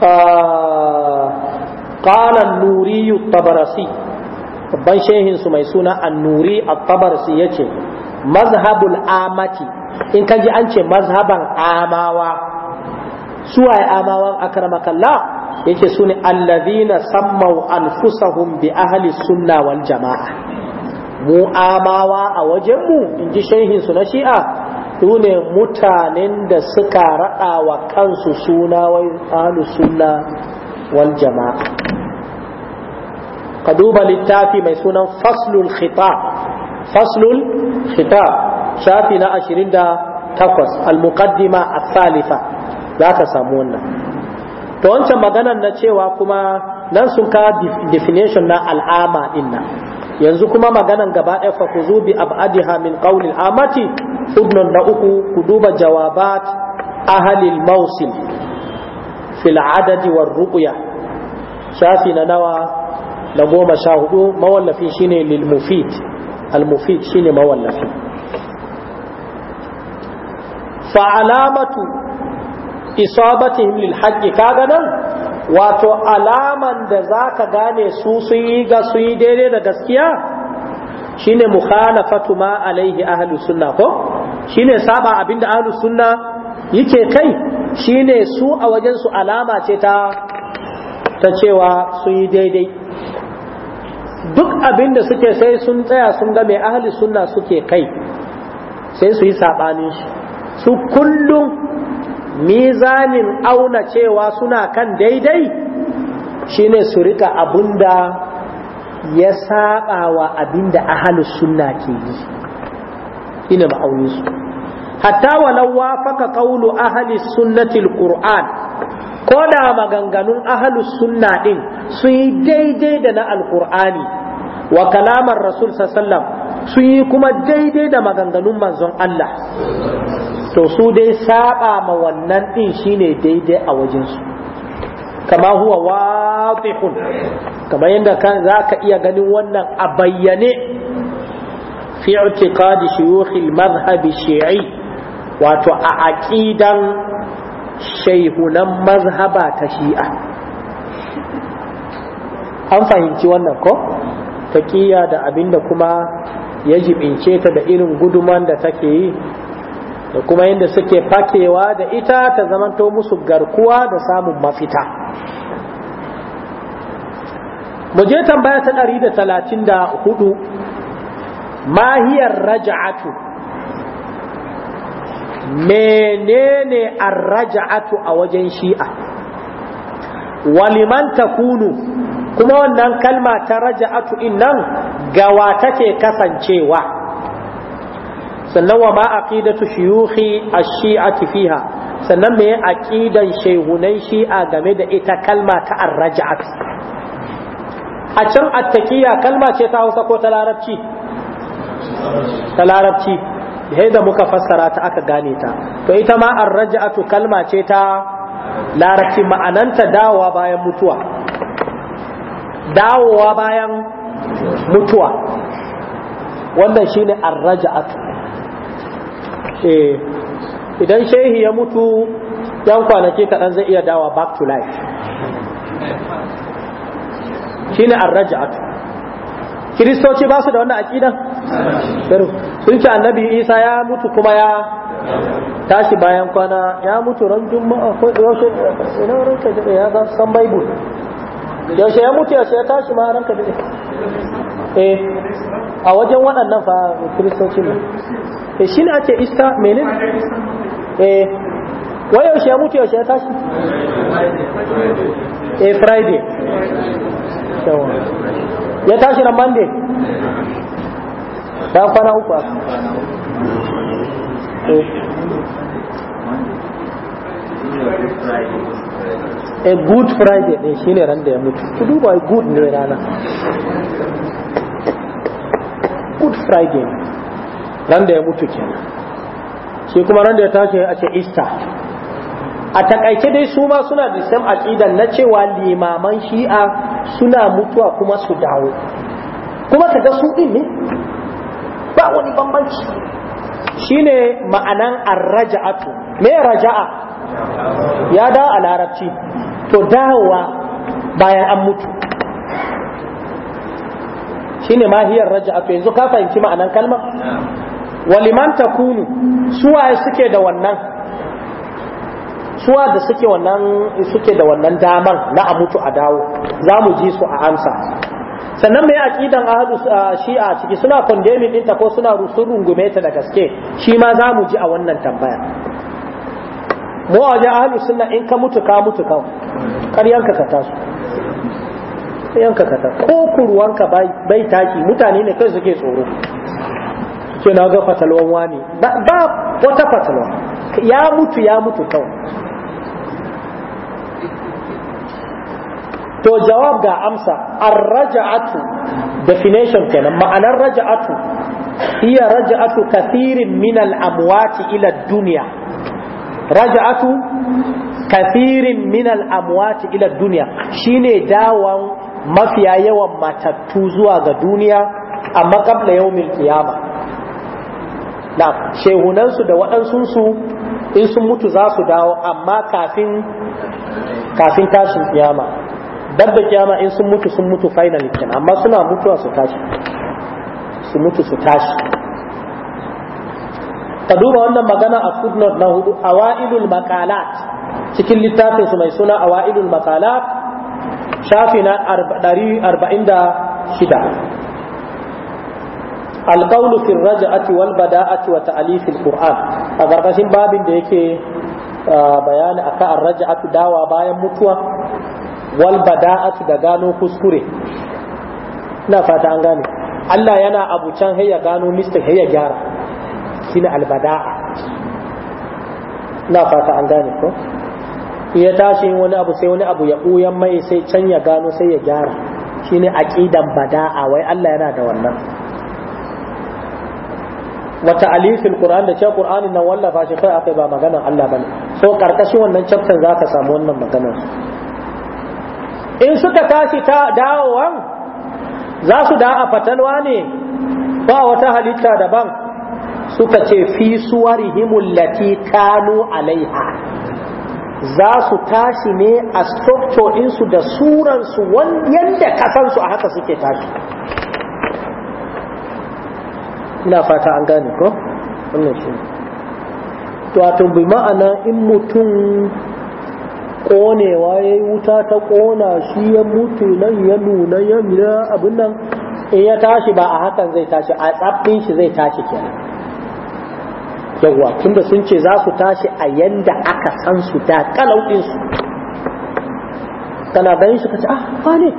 ah, qala an-nuri at-tabarasi babban shehin su mai suna an-nuri at-tabarasi yace mazhabul amati in kaji an ce mazhaban amawa suwaye amawan akramakallah yace su ne allazina sammau anfusahum bi ahli sunna wal jama'a mu amawa a wajenmu in ji shehin su na shi'a su ne mutanen da suka raɗa wa kansu suna wai ahli sunna wal jama'a ka duba littafi mai sunan faslul khitab faslul khitab shafi na 28 al-muqaddima as-salifa za ka samu wannan to wancan maganar na cewa kuma nan sun ka definition na al'ama inna yanzu kuma maganan gaba ɗaya fa kuzu bi abadiha min qawlil amati ibnun da uku ku duba jawabat ahlil mawsim fil adadi war ruqya shafi na nawa na goma sha hudu mawallafi shine lil mufid al mufid shine mawallafi fa alamatu isabatihim lil haqqi kaga nan wato alaman da zaka gane su su yi ga su yi daidai da gaskiya shine mukhalafatu ma alaihi ahlus sunna ko shine saba abinda ahlus sunna yake kai shine su a wajen su alama ce ta ta cewa su yi daidai duk abinda suke sai sun tsaya sun ga mai ahli sunna suke kai sai su yi sabanin su kullum mizanin auna cewa suna kan daidai shine su rika da ya saba wa abinda ahalus sunna ke yi ina ma'aunin su hatta walau wafaka qawlu ahli sunnati Kur'an ko da maganganun ahalus sunna din su yi daidai da na Alkur'ani wa kalamar rasul sallallahu sun yi kuma daidai da maganganun manzon Allah to su dai saba ma wannan din shine daidai a wajen su. kama huwa wadihun kamar yadda kan za ka iya ganin wannan a bayyane fi i'tiqadi shuyukh al-madhhab shii wato a aqidan shaihunan mazhaba ta shi'a an fahimci wannan ko taqiya da abinda kuma ya jibince ta da irin guduman da take yi da kuma yadda suke fakewa da ita ta zamanto musu garkuwa da samun mafita mu je tambaya ta 134 mahiyar raja'atu menene ar-raja'atu a wajen shi'a waliman takunu kuma wannan kalma ta raja'atu innan gawa take kasancewa sannan wa ma aqidatu shuyukhi ash-shi'ati fiha sannan me aqidan shehunai shi'a game da ita kalma ta ar a can attaqiya kalma ce ta Hausa ko ta Larabci ta Larabci da muka fassara ta aka gane ta to ita ma ar kalma ce ta larabci ma'ananta dawowa bayan mutuwa dawowa bayan mutuwa wannan shine arraja'atu eh idan shehi ya mutu yan kwanaki kaɗan zai iya dawa back to life shi ne arraja'atu kiristoci ba su da wannan aƙidan sun ce annabi isa ya mutu kuma ya tashi bayan kwana ya mutu ran juma'a ko yaushe ina da ya ga san bible yaushe ya mutu yaushe ya tashi ma ranka da eh a wajen waɗannan fa kiristoci ne e shi ne ake ista menin e eh, wai yaushe ya mutu yaushe ya tashi
e friday
ya tashi na monday ya kwana uku a good friday ne shi ne ran da ya mutu ku duba good ne rana good friday ran da ya mutu kenan shi kuma ran da ya tashi a ce ista a takaice dai su ma suna da sam aqidan na cewa limaman shi'a suna mutuwa kuma su dawo kuma kaga su din ne ba wani bambanci shine ma'anan arraja'atu me raja'a ya da a larabci to dawowa bayan an mutu shine mahiyar raja'atu yanzu ka fahimci ma'anan kalmar waliman takunu
suwaye suke da
wannan suwa da suke wannan suke da wannan daman na a mutu a dawo za mu ji su a amsa sannan mai aqidan ahadu ah, shi'a ciki suna condemning ɗinta ko suna rusun rungume ta da gaske shi ma za mu ji a wannan tambaya mu a wajen ahadu sunna in ka mutu ka mutu kar yanka ka taso yanka ka taso ko kuruwanka bai taki mutane ne kai suke tsoro ce na ga fatalwan wani ba wata fatalwa ya mutu ya mutu kawai to jawab ga amsa ar-raja'atu definition kenan ma'anar raja'atu iya raja'atu kathirin min al-amwati ila ad-dunya raja'atu kathirin min al-amwati ila ad-dunya shine dawan mafiya yawan matattu zuwa ga duniya amma qabla yawmil qiyamah na shehunansu da waɗansunsu in sun mutu za su dawo amma kafin kafin tashin kiyama dab da kiyama in sun mutu sun mutu finally kin amma suna mutuwa su tashi su mutu su tashi ka duba wannan magana a footnote na hudu awailul maqalat cikin littafin su mai suna awailul maqalat shafi na 46 alƙaunu fi raja'ati wal bada'ati wa ta'alifil qur'an a gargashin babin da yake bayani akan arraja'atu dawa bayan mutuwa wal bada'atu da gano kuskure ina fata an gane Allah yana abu can ya gano mista ya gyara shine albada'a ina fata an gane ko ya tashi wani abu sai wani abu ya ɓuyan mai sai can ya gano sai ya gyara shine aqidan bada'a wai Allah yana da wannan Wata ta'alifil qur'an da cewa qur'anin nan wallafa shi kai akai ba magana Allah bane so karkashin wannan chapter zaka samu wannan maganar in suka tashi ta dawowan za su da a fatalwa ne ba wata halitta daban suka ce fi suwarihimul lati kanu alaiha za su tashi ne a structure ɗinsu da suransu yadda kasansu a haka suke tashi ina fata an gane ko wannan shi wato bi ma'ana in mutum konewa ya yi wuta ta ƙona shi ya mutu nan ya nuna ya nuna abin nan in ya tashi ba a hakan zai tashi a tsaffin shi zai tashi kenan yawwa tunda sun ce za su tashi a yanda aka san su da kalau su kana ganin shi ce ah wane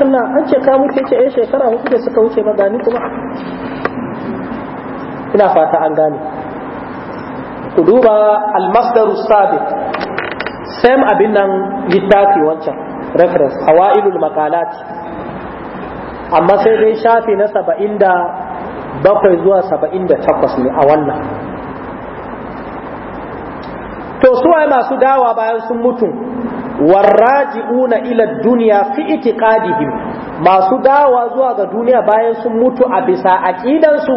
na an ce ka mutu ce eh shekara hudu da suka wuce ba gani kuma ina fata an gane ku duba almasdaru sabit sam abin nan littafi wancan reference hawailul maqalat amma sai dai shafi na saba'in da bakwai zuwa saba'in da takwas ne a wannan to suwaye masu dawa bayan sun mutu warraji'una ila duniya fi itiqadihim masu dawa zuwa ga duniya bayan sun mutu a bisa aqidansu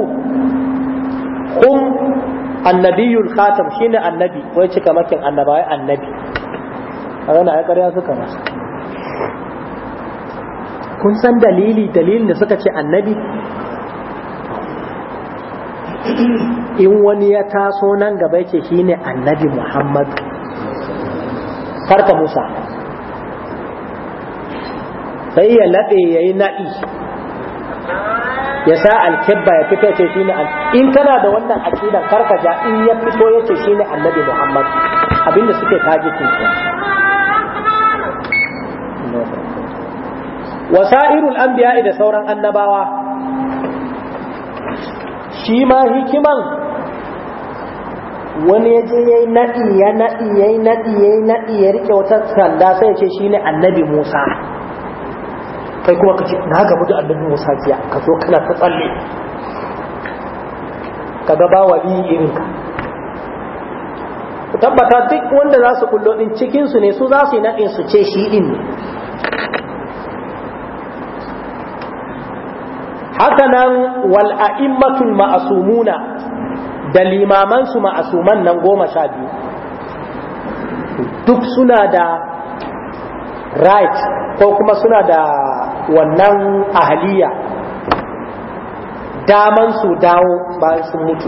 hum annabiyul khatam shine annabi wai cika makin annabawa annabi ana ya ƙarya suka masa kun san dalili dalilin da suka ce annabi in wani ya taso nan gaba yake shine annabi Muhammad. karka musa sai ya laɗe ya yi naɗi ya sa alkebba ya fito ce shi ne in kana da wannan aƙidar karka ja in ya fito ya ce shi ne annabi muhammad abinda suke kaji kinsu wasa'irul anbiya'i da sauran annabawa shi ma hikiman wani ya je ya yi naɗi ya naɗi ya yi naɗi ya yi naɗi ya rike wata sanda sai ya ce shi ne annabi musa kai kuma ka ce na gamu da annabi musa jiya ka zo kana ta tsalle ka ga ba biyu irin ka ku tabbata duk wanda za su kullo ɗin cikinsu ne su za su yi naɗin su ce shi ɗin ne haka nan wal ma'asumuna da limamansu ma'asuman nan goma sha biyu duk suna da right ko kuma suna da wannan ahaliya daman su dawo bayan sun mutu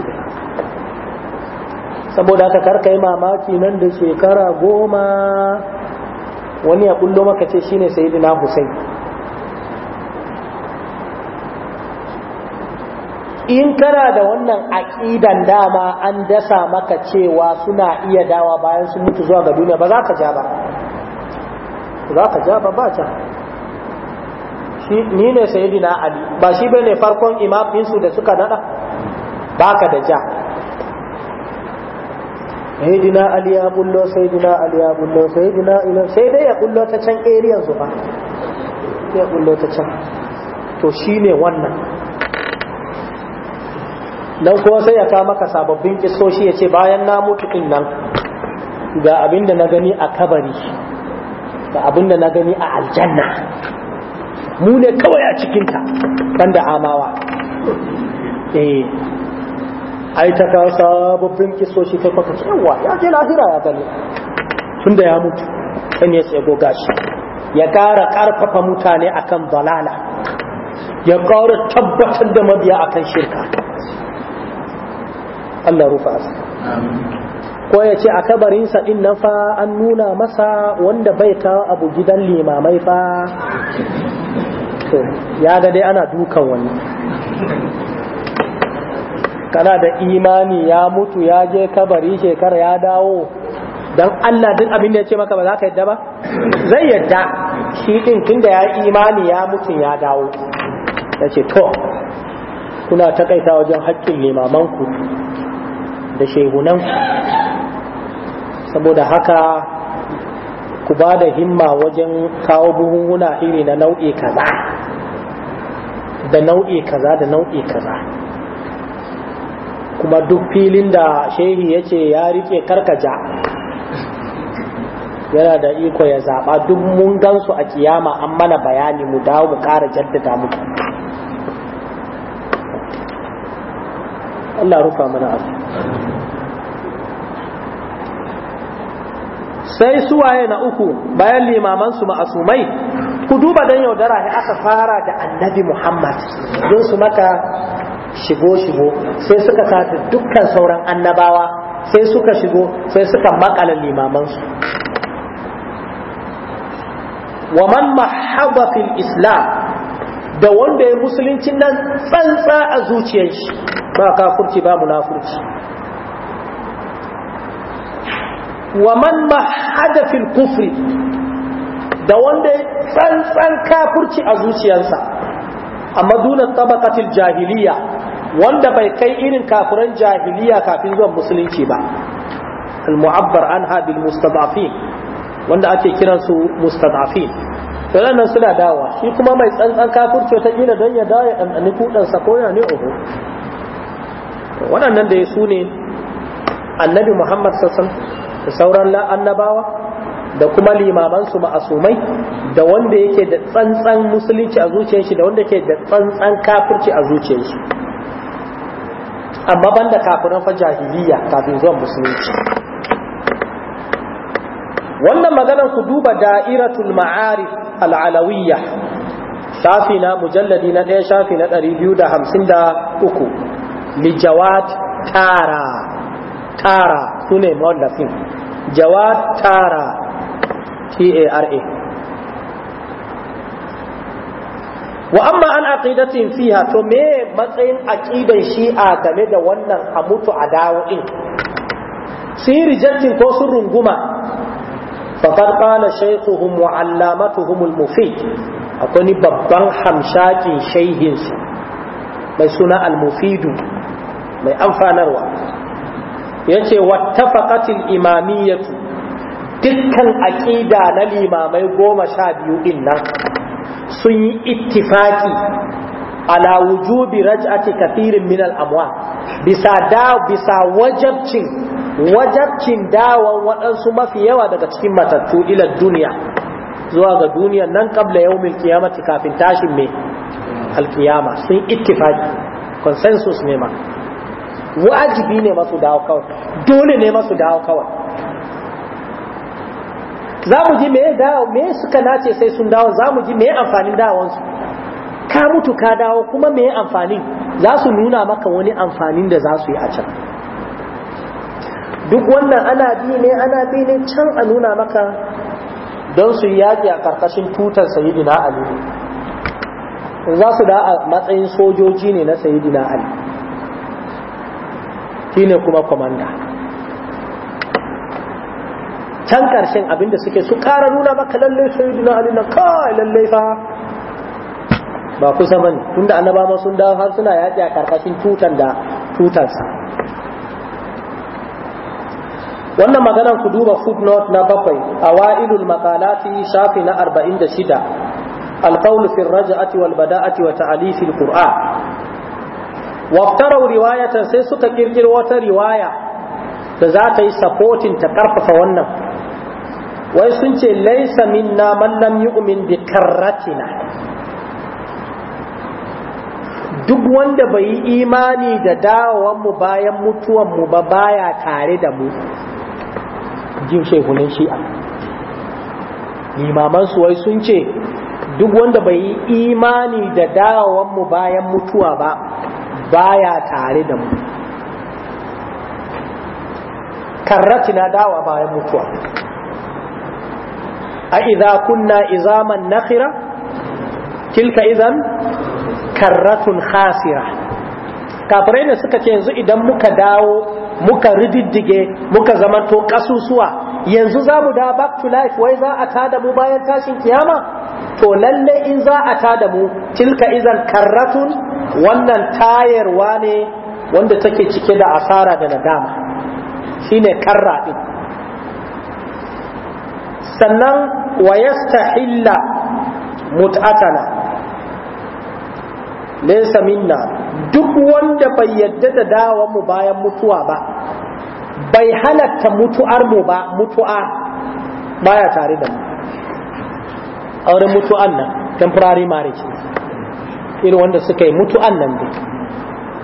saboda haka karka yi mamaki nan da shekara goma wani ya kullo maka ce shine sayyidina Hussein in kana da wannan aqidan dama an dasa maka cewa suna iya dawa bayan sun mutu zuwa ga duniya ba za ka ja ba za ka ja ba ba ta ni ne sayyidina ali ba shi bane farkon imafinsu da suka nada ka da ja sayyidina ali ya bullo sayyidina ali ya bullo sayyidina ila sai dai ya bullo ta can area zuwa ya bullo ta can to shine wannan dan kuma sai ya ka maka sababbin kisoshi ya ce bayan na mutu din nan ga abin da na gani a kabari ga abin da na gani a aljanna mu ne kawai a cikinta Ban da amawa eh ai ta ka sababbin kisoshi ta kwata cewa ya je lahira ya gani tun da ya mutu kan ya tsego gashi ya ƙara ƙarfafa mutane akan balala ya ƙara tabbatar da mabiya akan shirka Allah rufa asiri ko ya ce a kabarinsa din nan fa an nuna masa wanda bai kawo abu gidan limamai fa ya ga dai ana dukan wani kana da imani ya mutu ya je kabari shekara ya dawo don Allah duk abin da ya ce maka ba za ka yadda ba zai yadda shi din tunda ya imani ya mutu ya dawo ya ce to kuna takaita wajen haƙƙin limamanku da shehunan saboda haka ku ba da himma wajen kawo buhunhuna iri na nau'i kaza da nau'i kaza da nau'i kaza kuma duk filin da shehi ya ce ya rike karkaja yana da iko ya zaba duk mun gansu a kiyama an mana bayani mu dawo mu kara jaddada muku Allah rufa mana asu sai su waye na uku bayan limamansu ma'asumai ku duba don yaudara ya aka fara da annabi muhammad don su maka shigo-shigo sai suka sata dukkan sauran annabawa sai suka shigo sai suka makala limamansu wa man mahaba islam da wanda ya musulunci nan tsantsa a zuciyar shi ba kafurci ba munafurci wa man mahada fil kufri da wanda ya tsantsan kafurci a zuciyarsa a duna tabaqatil jahiliya wanda bai kai irin kafuran jahiliya kafin zuwan musulunci ba al mu'abbar anha bil mustad'afin wanda ake kiran su mustad'afin to nan suna dawa shi kuma mai tsantsan kafurci ta kila don ya dawo ya ɗanɗani kuɗansa ko ya ne oho waɗannan da ya su ne annabi muhammad sassan da sauran annabawa da kuma limamansu ma'asumai da wanda yake da tsantsan musulunci a zuciyar shi da wanda yake da tsantsan kafirci a zuciyar shi amma banda kafiran fa jahiliya kafin zuwan musulunci wannan maganar ku duba da'iratul ma'arif al'alawiyya shafi na mujalladi na ɗaya shafi na ɗari biyu da hamsin da uku lijawat tara tara su ne mawallafin jawad tara t-a-r-a wa amma an aqidatin fiha to me matsayin aqidan shi'a game da wannan a mutu a dawo din sun yi rejectin ko sun runguma faqad qala shaykhuhum wa al-mufid akwai babban hamshakin shaihinsu mai suna al-mufidu mai amfanarwa yace wattafaqatil imamiyyatu dukkan aƙida na limamai goma sha biyu din nan sun yi ittifaki ala wujubi raj'ati kathirin minal al bisa da bisa wajabcin wajabcin dawon waɗansu mafi yawa daga cikin matattu ila duniya zuwa ga duniya nan kabla yawmin qiyamati kafin tashin me alkiyama sun ittifaki consensus ne ma wajibi ne masu dawo kawai dole ne masu dawo kawai za mu ji me dawo suka nace sai sun dawo za mu ji me amfanin dawansu ka mutu ka dawo kuma me amfanin za su nuna maka wani amfanin da za su yi a can duk wannan ana bi ne ana bi ne can a nuna maka don su yaƙi a ƙarƙashin tutar sayidina ali za su da a matsayin sojoji ne na sayidina ali shine kuma komanda can karshen abinda suke su ƙara nuna maka lallai sayyidina ali na kai lalle fa ba kusa ba bane tunda annabawa sun dawo har suna yaƙi a karkashin tutan da tutarsa wannan maganar ku duba footnote na bakwai a wa'ilul maqalati shafi na 46 alqawlu fi raja'ati wal bada'ati wa ta'alifi al-qur'an waftarau riwayatan sai suka kirkiro wata riwaya da za ta yi supporting ta karfafa wannan wai sun ce laisa minna man lam yu'min bi karratina duk wanda bai yi imani da dawowan mu bayan mutuwan mu ba baya tare da mu jin shehunan shi'a limaman su wai sun ce duk wanda bai yi imani da dawowan mu bayan mutuwa ba baya tare da mu
karrati na
dawa bayan mutuwa a izakunna kunna izaman nakhira tilka izan karratun khasira kafirai ne suka ce yanzu idan muka dawo muka rididdige muka zamanto kasusuwa yanzu za mu da back to life wai za a tada mu bayan tashin kiyama to lalle in za a tada mu tilka izan karratun wannan tayarwa ne wanda take cike da asara da nadama shine karra din sannan wa yastahilla mut'atana laysa minna duk wanda bai yadda da dawon mu bayan mutuwa ba bai halatta mutu'ar mu ba mutu'a baya tare da mu auren mutu'an nan temporary marriage irin wanda suka yi mutu'an nan dai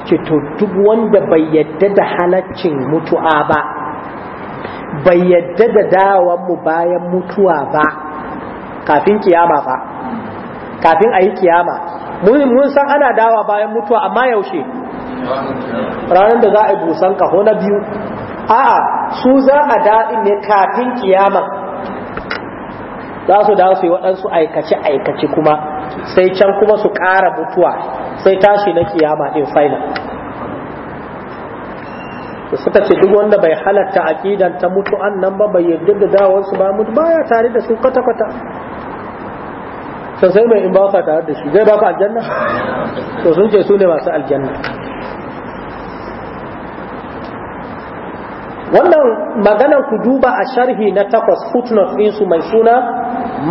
ce to duk wanda bai yadda da halaccin mutu'a ba bai yadda da dawon mu bayan mutuwa ba kafin kiyama ba kafin a yi kiyama mun san ana dawa bayan mutuwa amma yaushe ranar da za a yi busan kaho na biyu a'a su za a daɗi ne kafin kiyama za su dawa su yi waɗansu aikace-aikace kuma sai can kuma su ƙara mutuwa sai tashi na kiyama ɗin final suka ce duk wanda bai halatta aqidan ta mutu nan ba bai yarda da su ba mutu baya tare da su kwata kwata to sai mai in ba ka tare da shi zai ba ka aljanna to sun ce su ne masu aljanna wannan maganan ku duba a sharhi na takwas footnote ɗinsu mai suna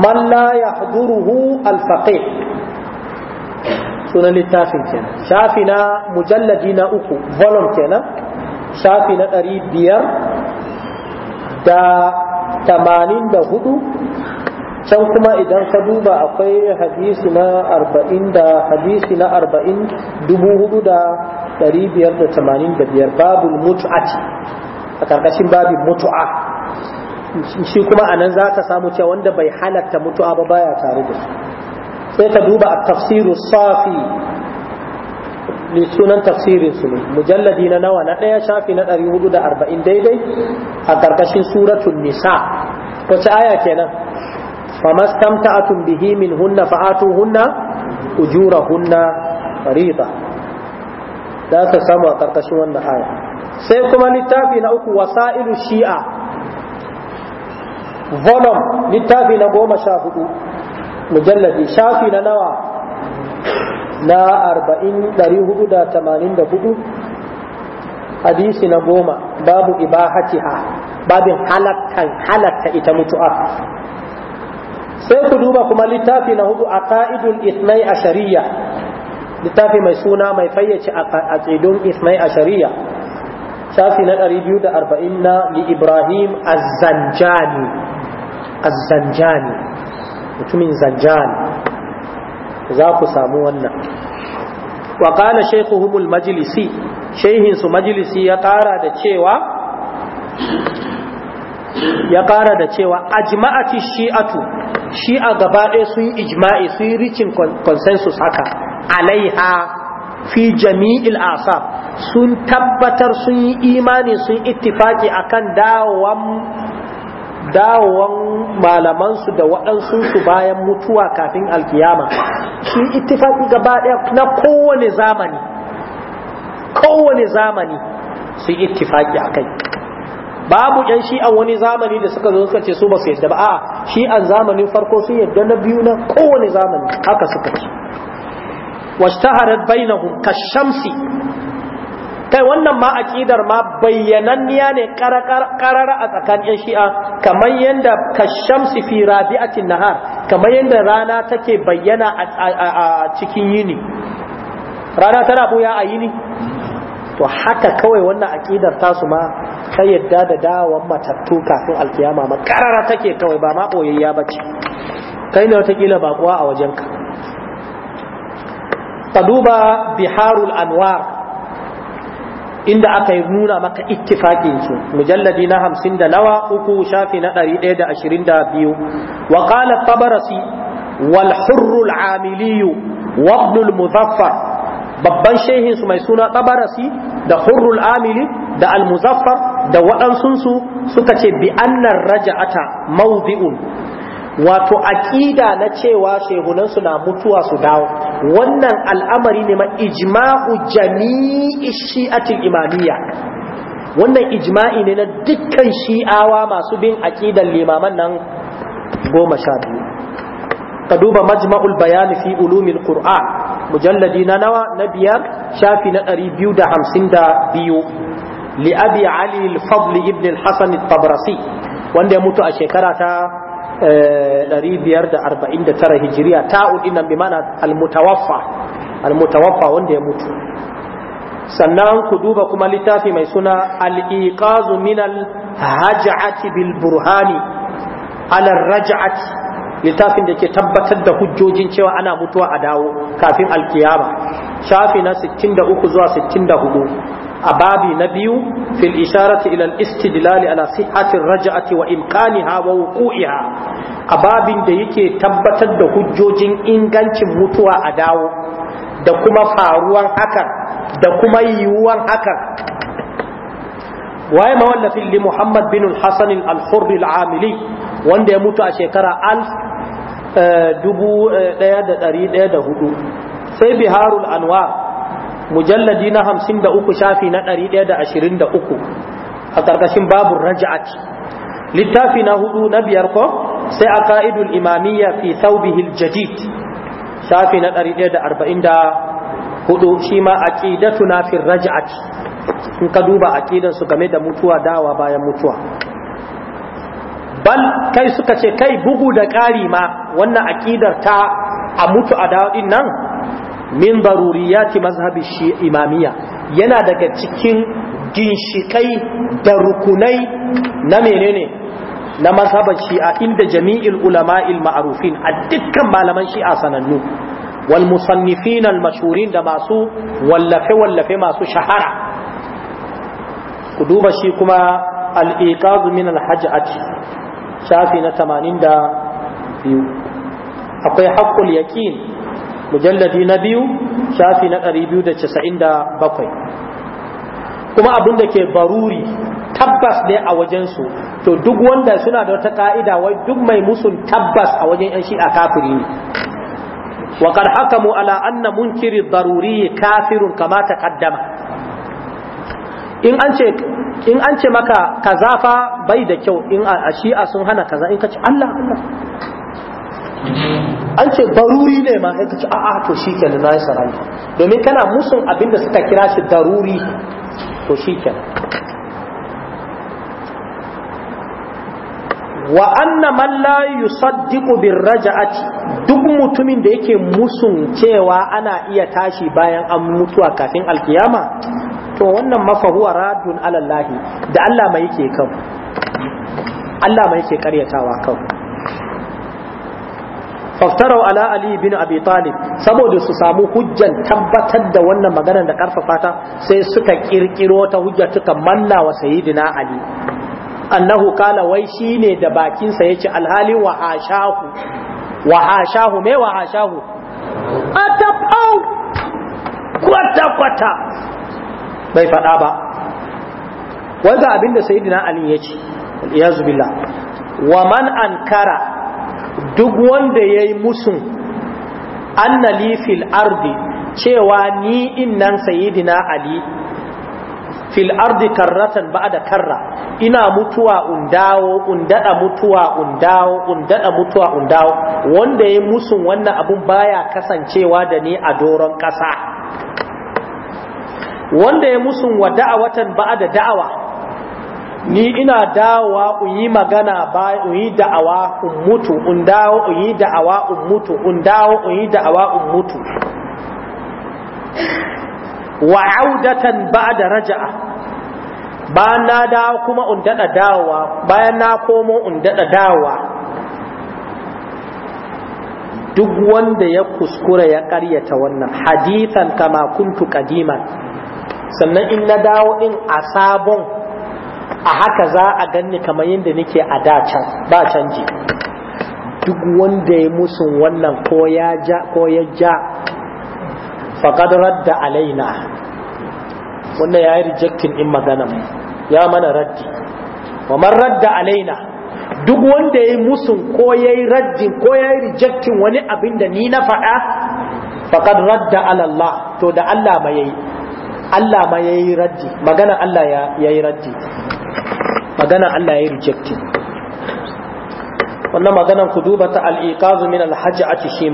man la yahduruhu alfaqih sunan littafin kenan shafi na mujalladi na uku volume kenan shafi na ɗari biyar da tamanin da hudu can kuma idan ka duba akwai hadisi na arba'in da hadisi na arba'in dubu hudu da ɗari biyar da tamanin da biyar babul mut'ati a ƙarƙashin babin mutu'a shi kuma anan za ka samu cewa wanda bai halatta mutu'a ba baya tare da sai ka duba a tafsirin safi sunan tafsirin su ne mujalladi na nawa na ɗaya shafi na ɗari hudu da arba'in daidai a ƙarƙashin suratun nisa wace aya kenan fama stamta'atun bihi min hunna fa'atu hunna ujura hunna fariida za ka samu a ƙarƙashin wannan aya sai kuma littafi na uku wasa'ilu shi'a volume littafi na goma sha hudu mujalladi shafi na nawa na arba'in dari hudu da tamanin da hudu hadisi na goma babu ibahatiha babin halattan halatta ita mutu'a sai ku duba kuma littafi na hudu a ka'idun isnai a shari'a littafi mai suna mai fayyace a tsidun isnai a shari'a Safi na 240 na li Ibrahim na ibrahim az mutumin Zanjani za ku samu wannan wa qala shaykhuhum majlisi shayhin su majlisi ya ƙara da cewa ya ƙara da cewa shi'atu shi'a gaba ɗaya sun yi ijma'i sun yi rikin consensus haka alaiha fi jami'il asab sun tabbatar sun yi imani sun ittifaki akan dawowan malamansu da waɗansu su bayan mutuwa kafin alkiyama sun ittifaki gaba ɗaya na kowane zamani kowane zamani sun ittifaki akai babu yan shi a wani zamani da suka zo suka ce su ba su yadda ba a shi an zamanin farko sun yadda na biyu na kowane zamani haka suka ce washtaharat bainahum kashamsi kai wannan ma aqidar ma bayyananniya ne karara a tsakanin shi'a kamar yanda kashamsi fi rabi'atin nahar kamar yanda rana take bayyana a cikin yini rana tana buya a yini to haka kawai wannan aqidar tasu ma ta yadda da dawon matattu kafin alkiyama ma karara take kawai ba ma boyayya bace kai ne watakila bakuwa a wajenka ka duba biharul anwar inda aka yi nuna maka ittifaƙin su mujalladi na hamsin da nawa uku shafi na ɗari ɗaya da ashirin da biyu wa ƙala tabarasi wal hurrul amiliyu wa muzaffar babban shehin su mai suna tabarasi da hurrul amili da al muzaffar da waɗansunsu suka ce bi annar raja'ata mawdi'un wato aƙida na cewa shehunansu na mutuwa su dawo wannan al'amari ne ma ijma'u jami'i shi'atin imamiyya wannan ijma'i ne na dukkan shi'awa masu bin aƙidar limaman nan goma sha biyu ka duba majma'ul bayani fi ulumin qur'an mujalladi na nawa na biyar shafi na ɗari biyu da hamsin da biyu li abi ali al-fadl ibn al-hasan tabrasi wanda ya mutu a shekara ta 549 eh, hijiriya ta'u nan bi mana almutawaffa almutawaffa wanda ya mutu sannan ku duba kuma littafi mai suna al-iqazu min al-haj'ati bil burhani ala raj'ati littafin da ke tabbatar da hujjojin cewa ana mutuwa a dawo kafin alkiyama shafi na 63 zuwa 64 a babi na biyu fil isharati ila al-istidlali ala sihhati raj'ati wa imkaniha wa wuqu'iha a babin da yake tabbatar da hujjojin ingancin mutuwa a dawo da kuma faruwan hakan da kuma yiwuwan hakan waye mawallafin li Muhammad bin al-Hasan al-Hurr al-Amili wanda ya mutu a shekara eh, eh, ɗaya da hudu sai Biharul Anwar mujalladi na hamsin da uku shafi na ɗari da ashirin da uku a ƙarƙashin babu raja'at littafi na hudu na biyar ko sai a ka'idul imamiyya fi thawbihil jadid shafi na ɗari ɗaya da arba'in da hudu shi ma fi raja'at in ka duba aƙidar su game da mutuwa dawa bayan mutuwa bal kai suka ce kai bugu da ƙari ma wannan aƙidar ta a mutu a daɗin nan min daruriyati mazhabin Imamiya yana daga cikin ginshikai da rukunai na menene na mazhabar shi'a inda jami'il ulama'il ma'arufin a dukkan malaman shi'a sanannu wal musannifin al mashhurin da masu wallafe wallafe masu shahara ku duba shi kuma al iqaz min al hajjati shafi na 82 akwai haqqul yaqin mujalladi na biyu shafi na 297 kuma abin da ke baruri tabbas ne a su to duk wanda suna da wata ka'ida wai duk mai musun tabbas a wajen yan shi'a kafiri ne wa qad hakamu ala anna munkiri daruri kafirun kama taqaddama in an ce in an ce maka kaza fa bai da kyau in a shi'a sun hana kaza in ka ce Allah Allah an ce baruri ne ma sai ka ce a'a to shikenan na yi domin kana musun abin da suka kira shi daruri to shikenan wa anna man la yusaddiqu bir raj'ati duk mutumin da yake musun cewa ana iya tashi bayan an mutuwa kafin alkiyama to wannan mafahuwa radun alallahi da Allah mai yake kan Allah mai yake karyatawa kan faftarau ala ali bin abi talib saboda su samu hujjan tabbatar da wannan maganar da karfafa ta sai suka kirkiro ta hujja suka manna wa sayyidina ali annahu kala wai shine da bakinsa yace alhali wa hashahu wa hashahu me wa hashahu
atafau
kwata kwata bai faɗa ba wanda abinda sayyidina ali yace iyazu billah wa man ankara duk wanda ya yi musun annali fil ardi cewa ni innan sayidina ali fil ardi karratan ba'da karra ina mutuwa undawo undada mutuwa undawo undada mutuwa undawo wanda ya musu wannan abun baya kasancewa da ni a doron kasa wanda ya musun wa da'awatan ba'da da'awa ni ina dawowa in yi magana ba in yi da'awa in mutu in dawo in yi da'awa in mutu in dawo in yi da'awa in mutu wa audatan ba'da raja'a bayan na dawo kuma in dada dawowa bayan na komo in dada dawowa duk wanda ya kuskura ya ƙaryata wannan hadithan kama kuntu kadiman sannan in na dawo in a sabon a haka za a ganni kamar yadda nake a dacan ba canji duk wanda ya musu wannan ko ya ja ko ya ja faqad radda alaina wannan yi rejectin in magana ya mana raddi wa man radda alaina duk wanda ya musu ko yi raddin ko yi rejectin wani abin da ni na faɗa faqad radda ala to da Allah ma yi Allah ma yayi raddi magana Allah ya yayi raddi magana Allah ya rejecting wannan maganan ku duba ta al’iƙazu min alhaji a tishi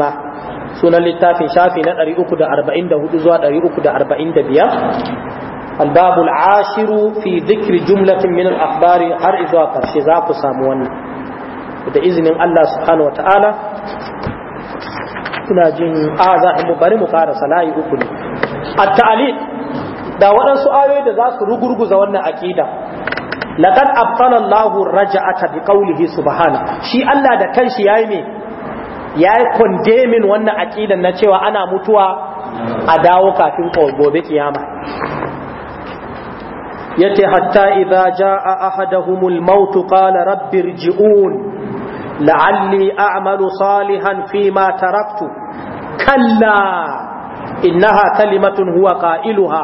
sunan littafin shafi na 344 zuwa 345 albabu ashiru fi zikri jumlatin min al al’afbari har zuwa ƙarshe za ku samu wannan da izinin Allah subhanahu wa ta’ala Kuna jin a za a bari mu fara salayi uku ne a ta'ali da waɗansu ayoyi da za su rugurguza wannan aƙida laqad abtala Allahu raja'ata bi qawlihi subhana shi Allah da kanshi yayi me yayi condemning wannan aqidan na cewa ana mutuwa a dawo kafin gobe kiyama yace hatta idza jaa ahaduhumul maut qala rabbirji'un la'alli a'malu salihan fima taraktu kalla innaha kalimatun huwa qailuha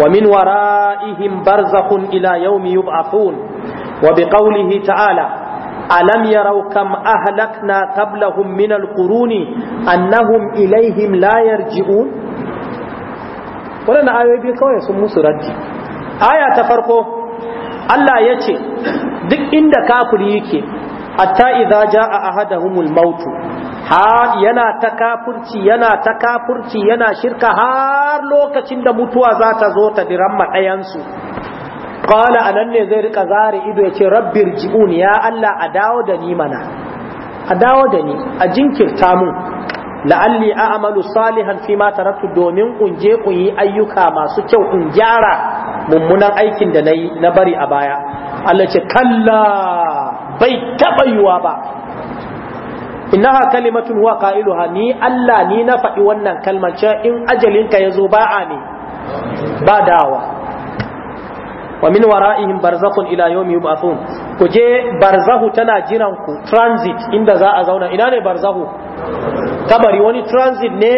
ومن ورائهم برزخ إلى يوم يبعثون وبقوله تعالى ألم يروا كم أهلكنا قبلهم من القرون أنهم إليهم لا يرجعون ولنا آية بيكو يسمو سرد آية تفرقو Allah ya ce duk inda kafiri yake hatta idza jaa ahaduhumul maut ha yana ta kafurci yana ta kafurci yana shirka har lokacin da mutuwa za ta zo ta diran matsayansu. qala anan ne zai rika zare ido yace rabbir ji'un ya Allah a dawo da ni mana a dawo da ni a jinkirta mu la'alli a'malu salihan fi ma taraktu domin kunje kun yi ayyuka masu kyau in gyara mummunan aikin da nayi na bari a baya Allah ce kalla bai taɓa yiwa ba innaha kalimatun huwa qailuha ni Allah ni na faɗi wannan kalmar cewa in ajalinka ya zo ba a ne ba dawa wa min wara'ihim barzakhun ila yawmi yub'athun ku je barzahu tana jiran ku transit inda za a zauna ina ne barzahu kabari wani transit ne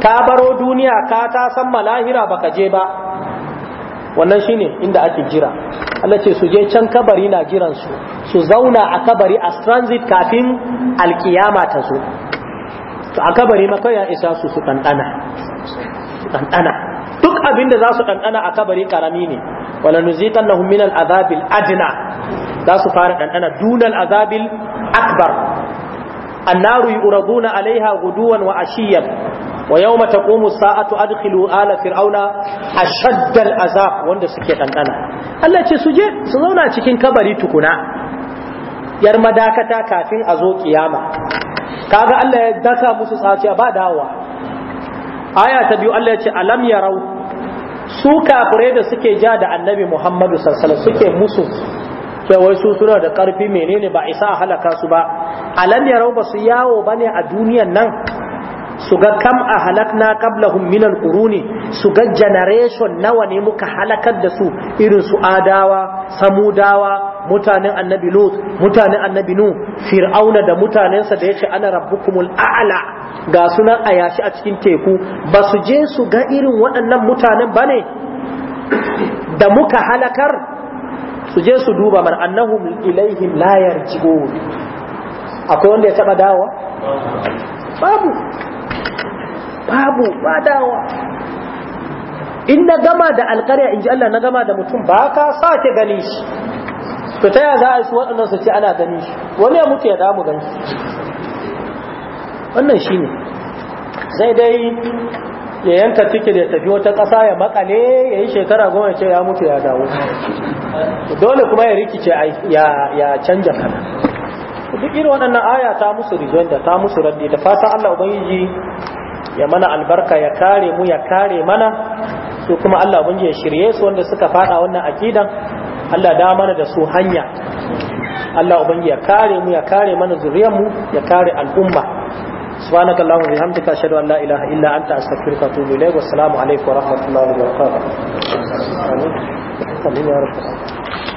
ka baro duniya ka ta san malahira baka je ba wannan shine inda ake jira Allah ce su je can kabari na jiran su su zauna a kabari a transit kafin alkiyama ta zo to a kabari ma ya isa su su ɗanɗana su duk abin da za su ɗanɗana a kabari karami ne wala nuzitan nahum min al'azabil adna za su fara ɗanɗana dunal azabil akbar annaru yuraduna alaiha guduwan wa ashiyan wa yawma taqumu sa'atu adkhilu ala fir'auna ashaddal azab wanda suke dandana Allah ce su je su zauna cikin kabari tukuna yar madakata kafin a zo kiyama kaga Allah ya daka musu tsaci ba dawa aya ta biyu Allah yace ce alam yarau su kafirai da suke ja da annabi Muhammadu sallallahu suke musu wai su da ƙarfi menene ba isa halaka su ba alam yarau ba su yawo ne a duniyan nan su ga kam a halakna kabla min alquruni su ga generation nawa ne muka halakar da su irin su adawa samudawa mutanen annabi lut mutanen annabi nu fir'auna da mutanensa da ya ce ana rabbukumul a'la ga sunan yashi a cikin teku ba su je su ga irin waɗannan mutanen bane da muka halakar su je su duba man annahum ilaihim la yarji'un akwai wanda ya taba dawa? babu babu badawa in na gama da alƙarya in ji Allah na gama da mutum ba ka sake gani shi to ta yaya za a su waɗannan su ce ana gani shi wani ya mutu ya damu gani wannan shi ne zai dai ya yanka tikir ya tafi wata ƙasa ya makale ya yi shekara goma ya ce ya mutu ya dawo dole kuma ya rikice ya canja kana duk irin waɗannan aya ta musu rijiyar ta musu raddi da fata Allah ubangiji ya mana albarka ya kare mu ya kare mana su kuma Allah ubangiji ya shirye su wanda suka fada wannan akidan Allah da mana da su hanya Allah ubangiji ya kare mu ya kare mana zuriyar mu ya kare al'umma subhanakallahumma wa bihamdika ashhadu an la ilaha illa anta astaghfiruka wa atubu ilayk wa assalamu alaykum wa rahmatullahi wa
barakatuh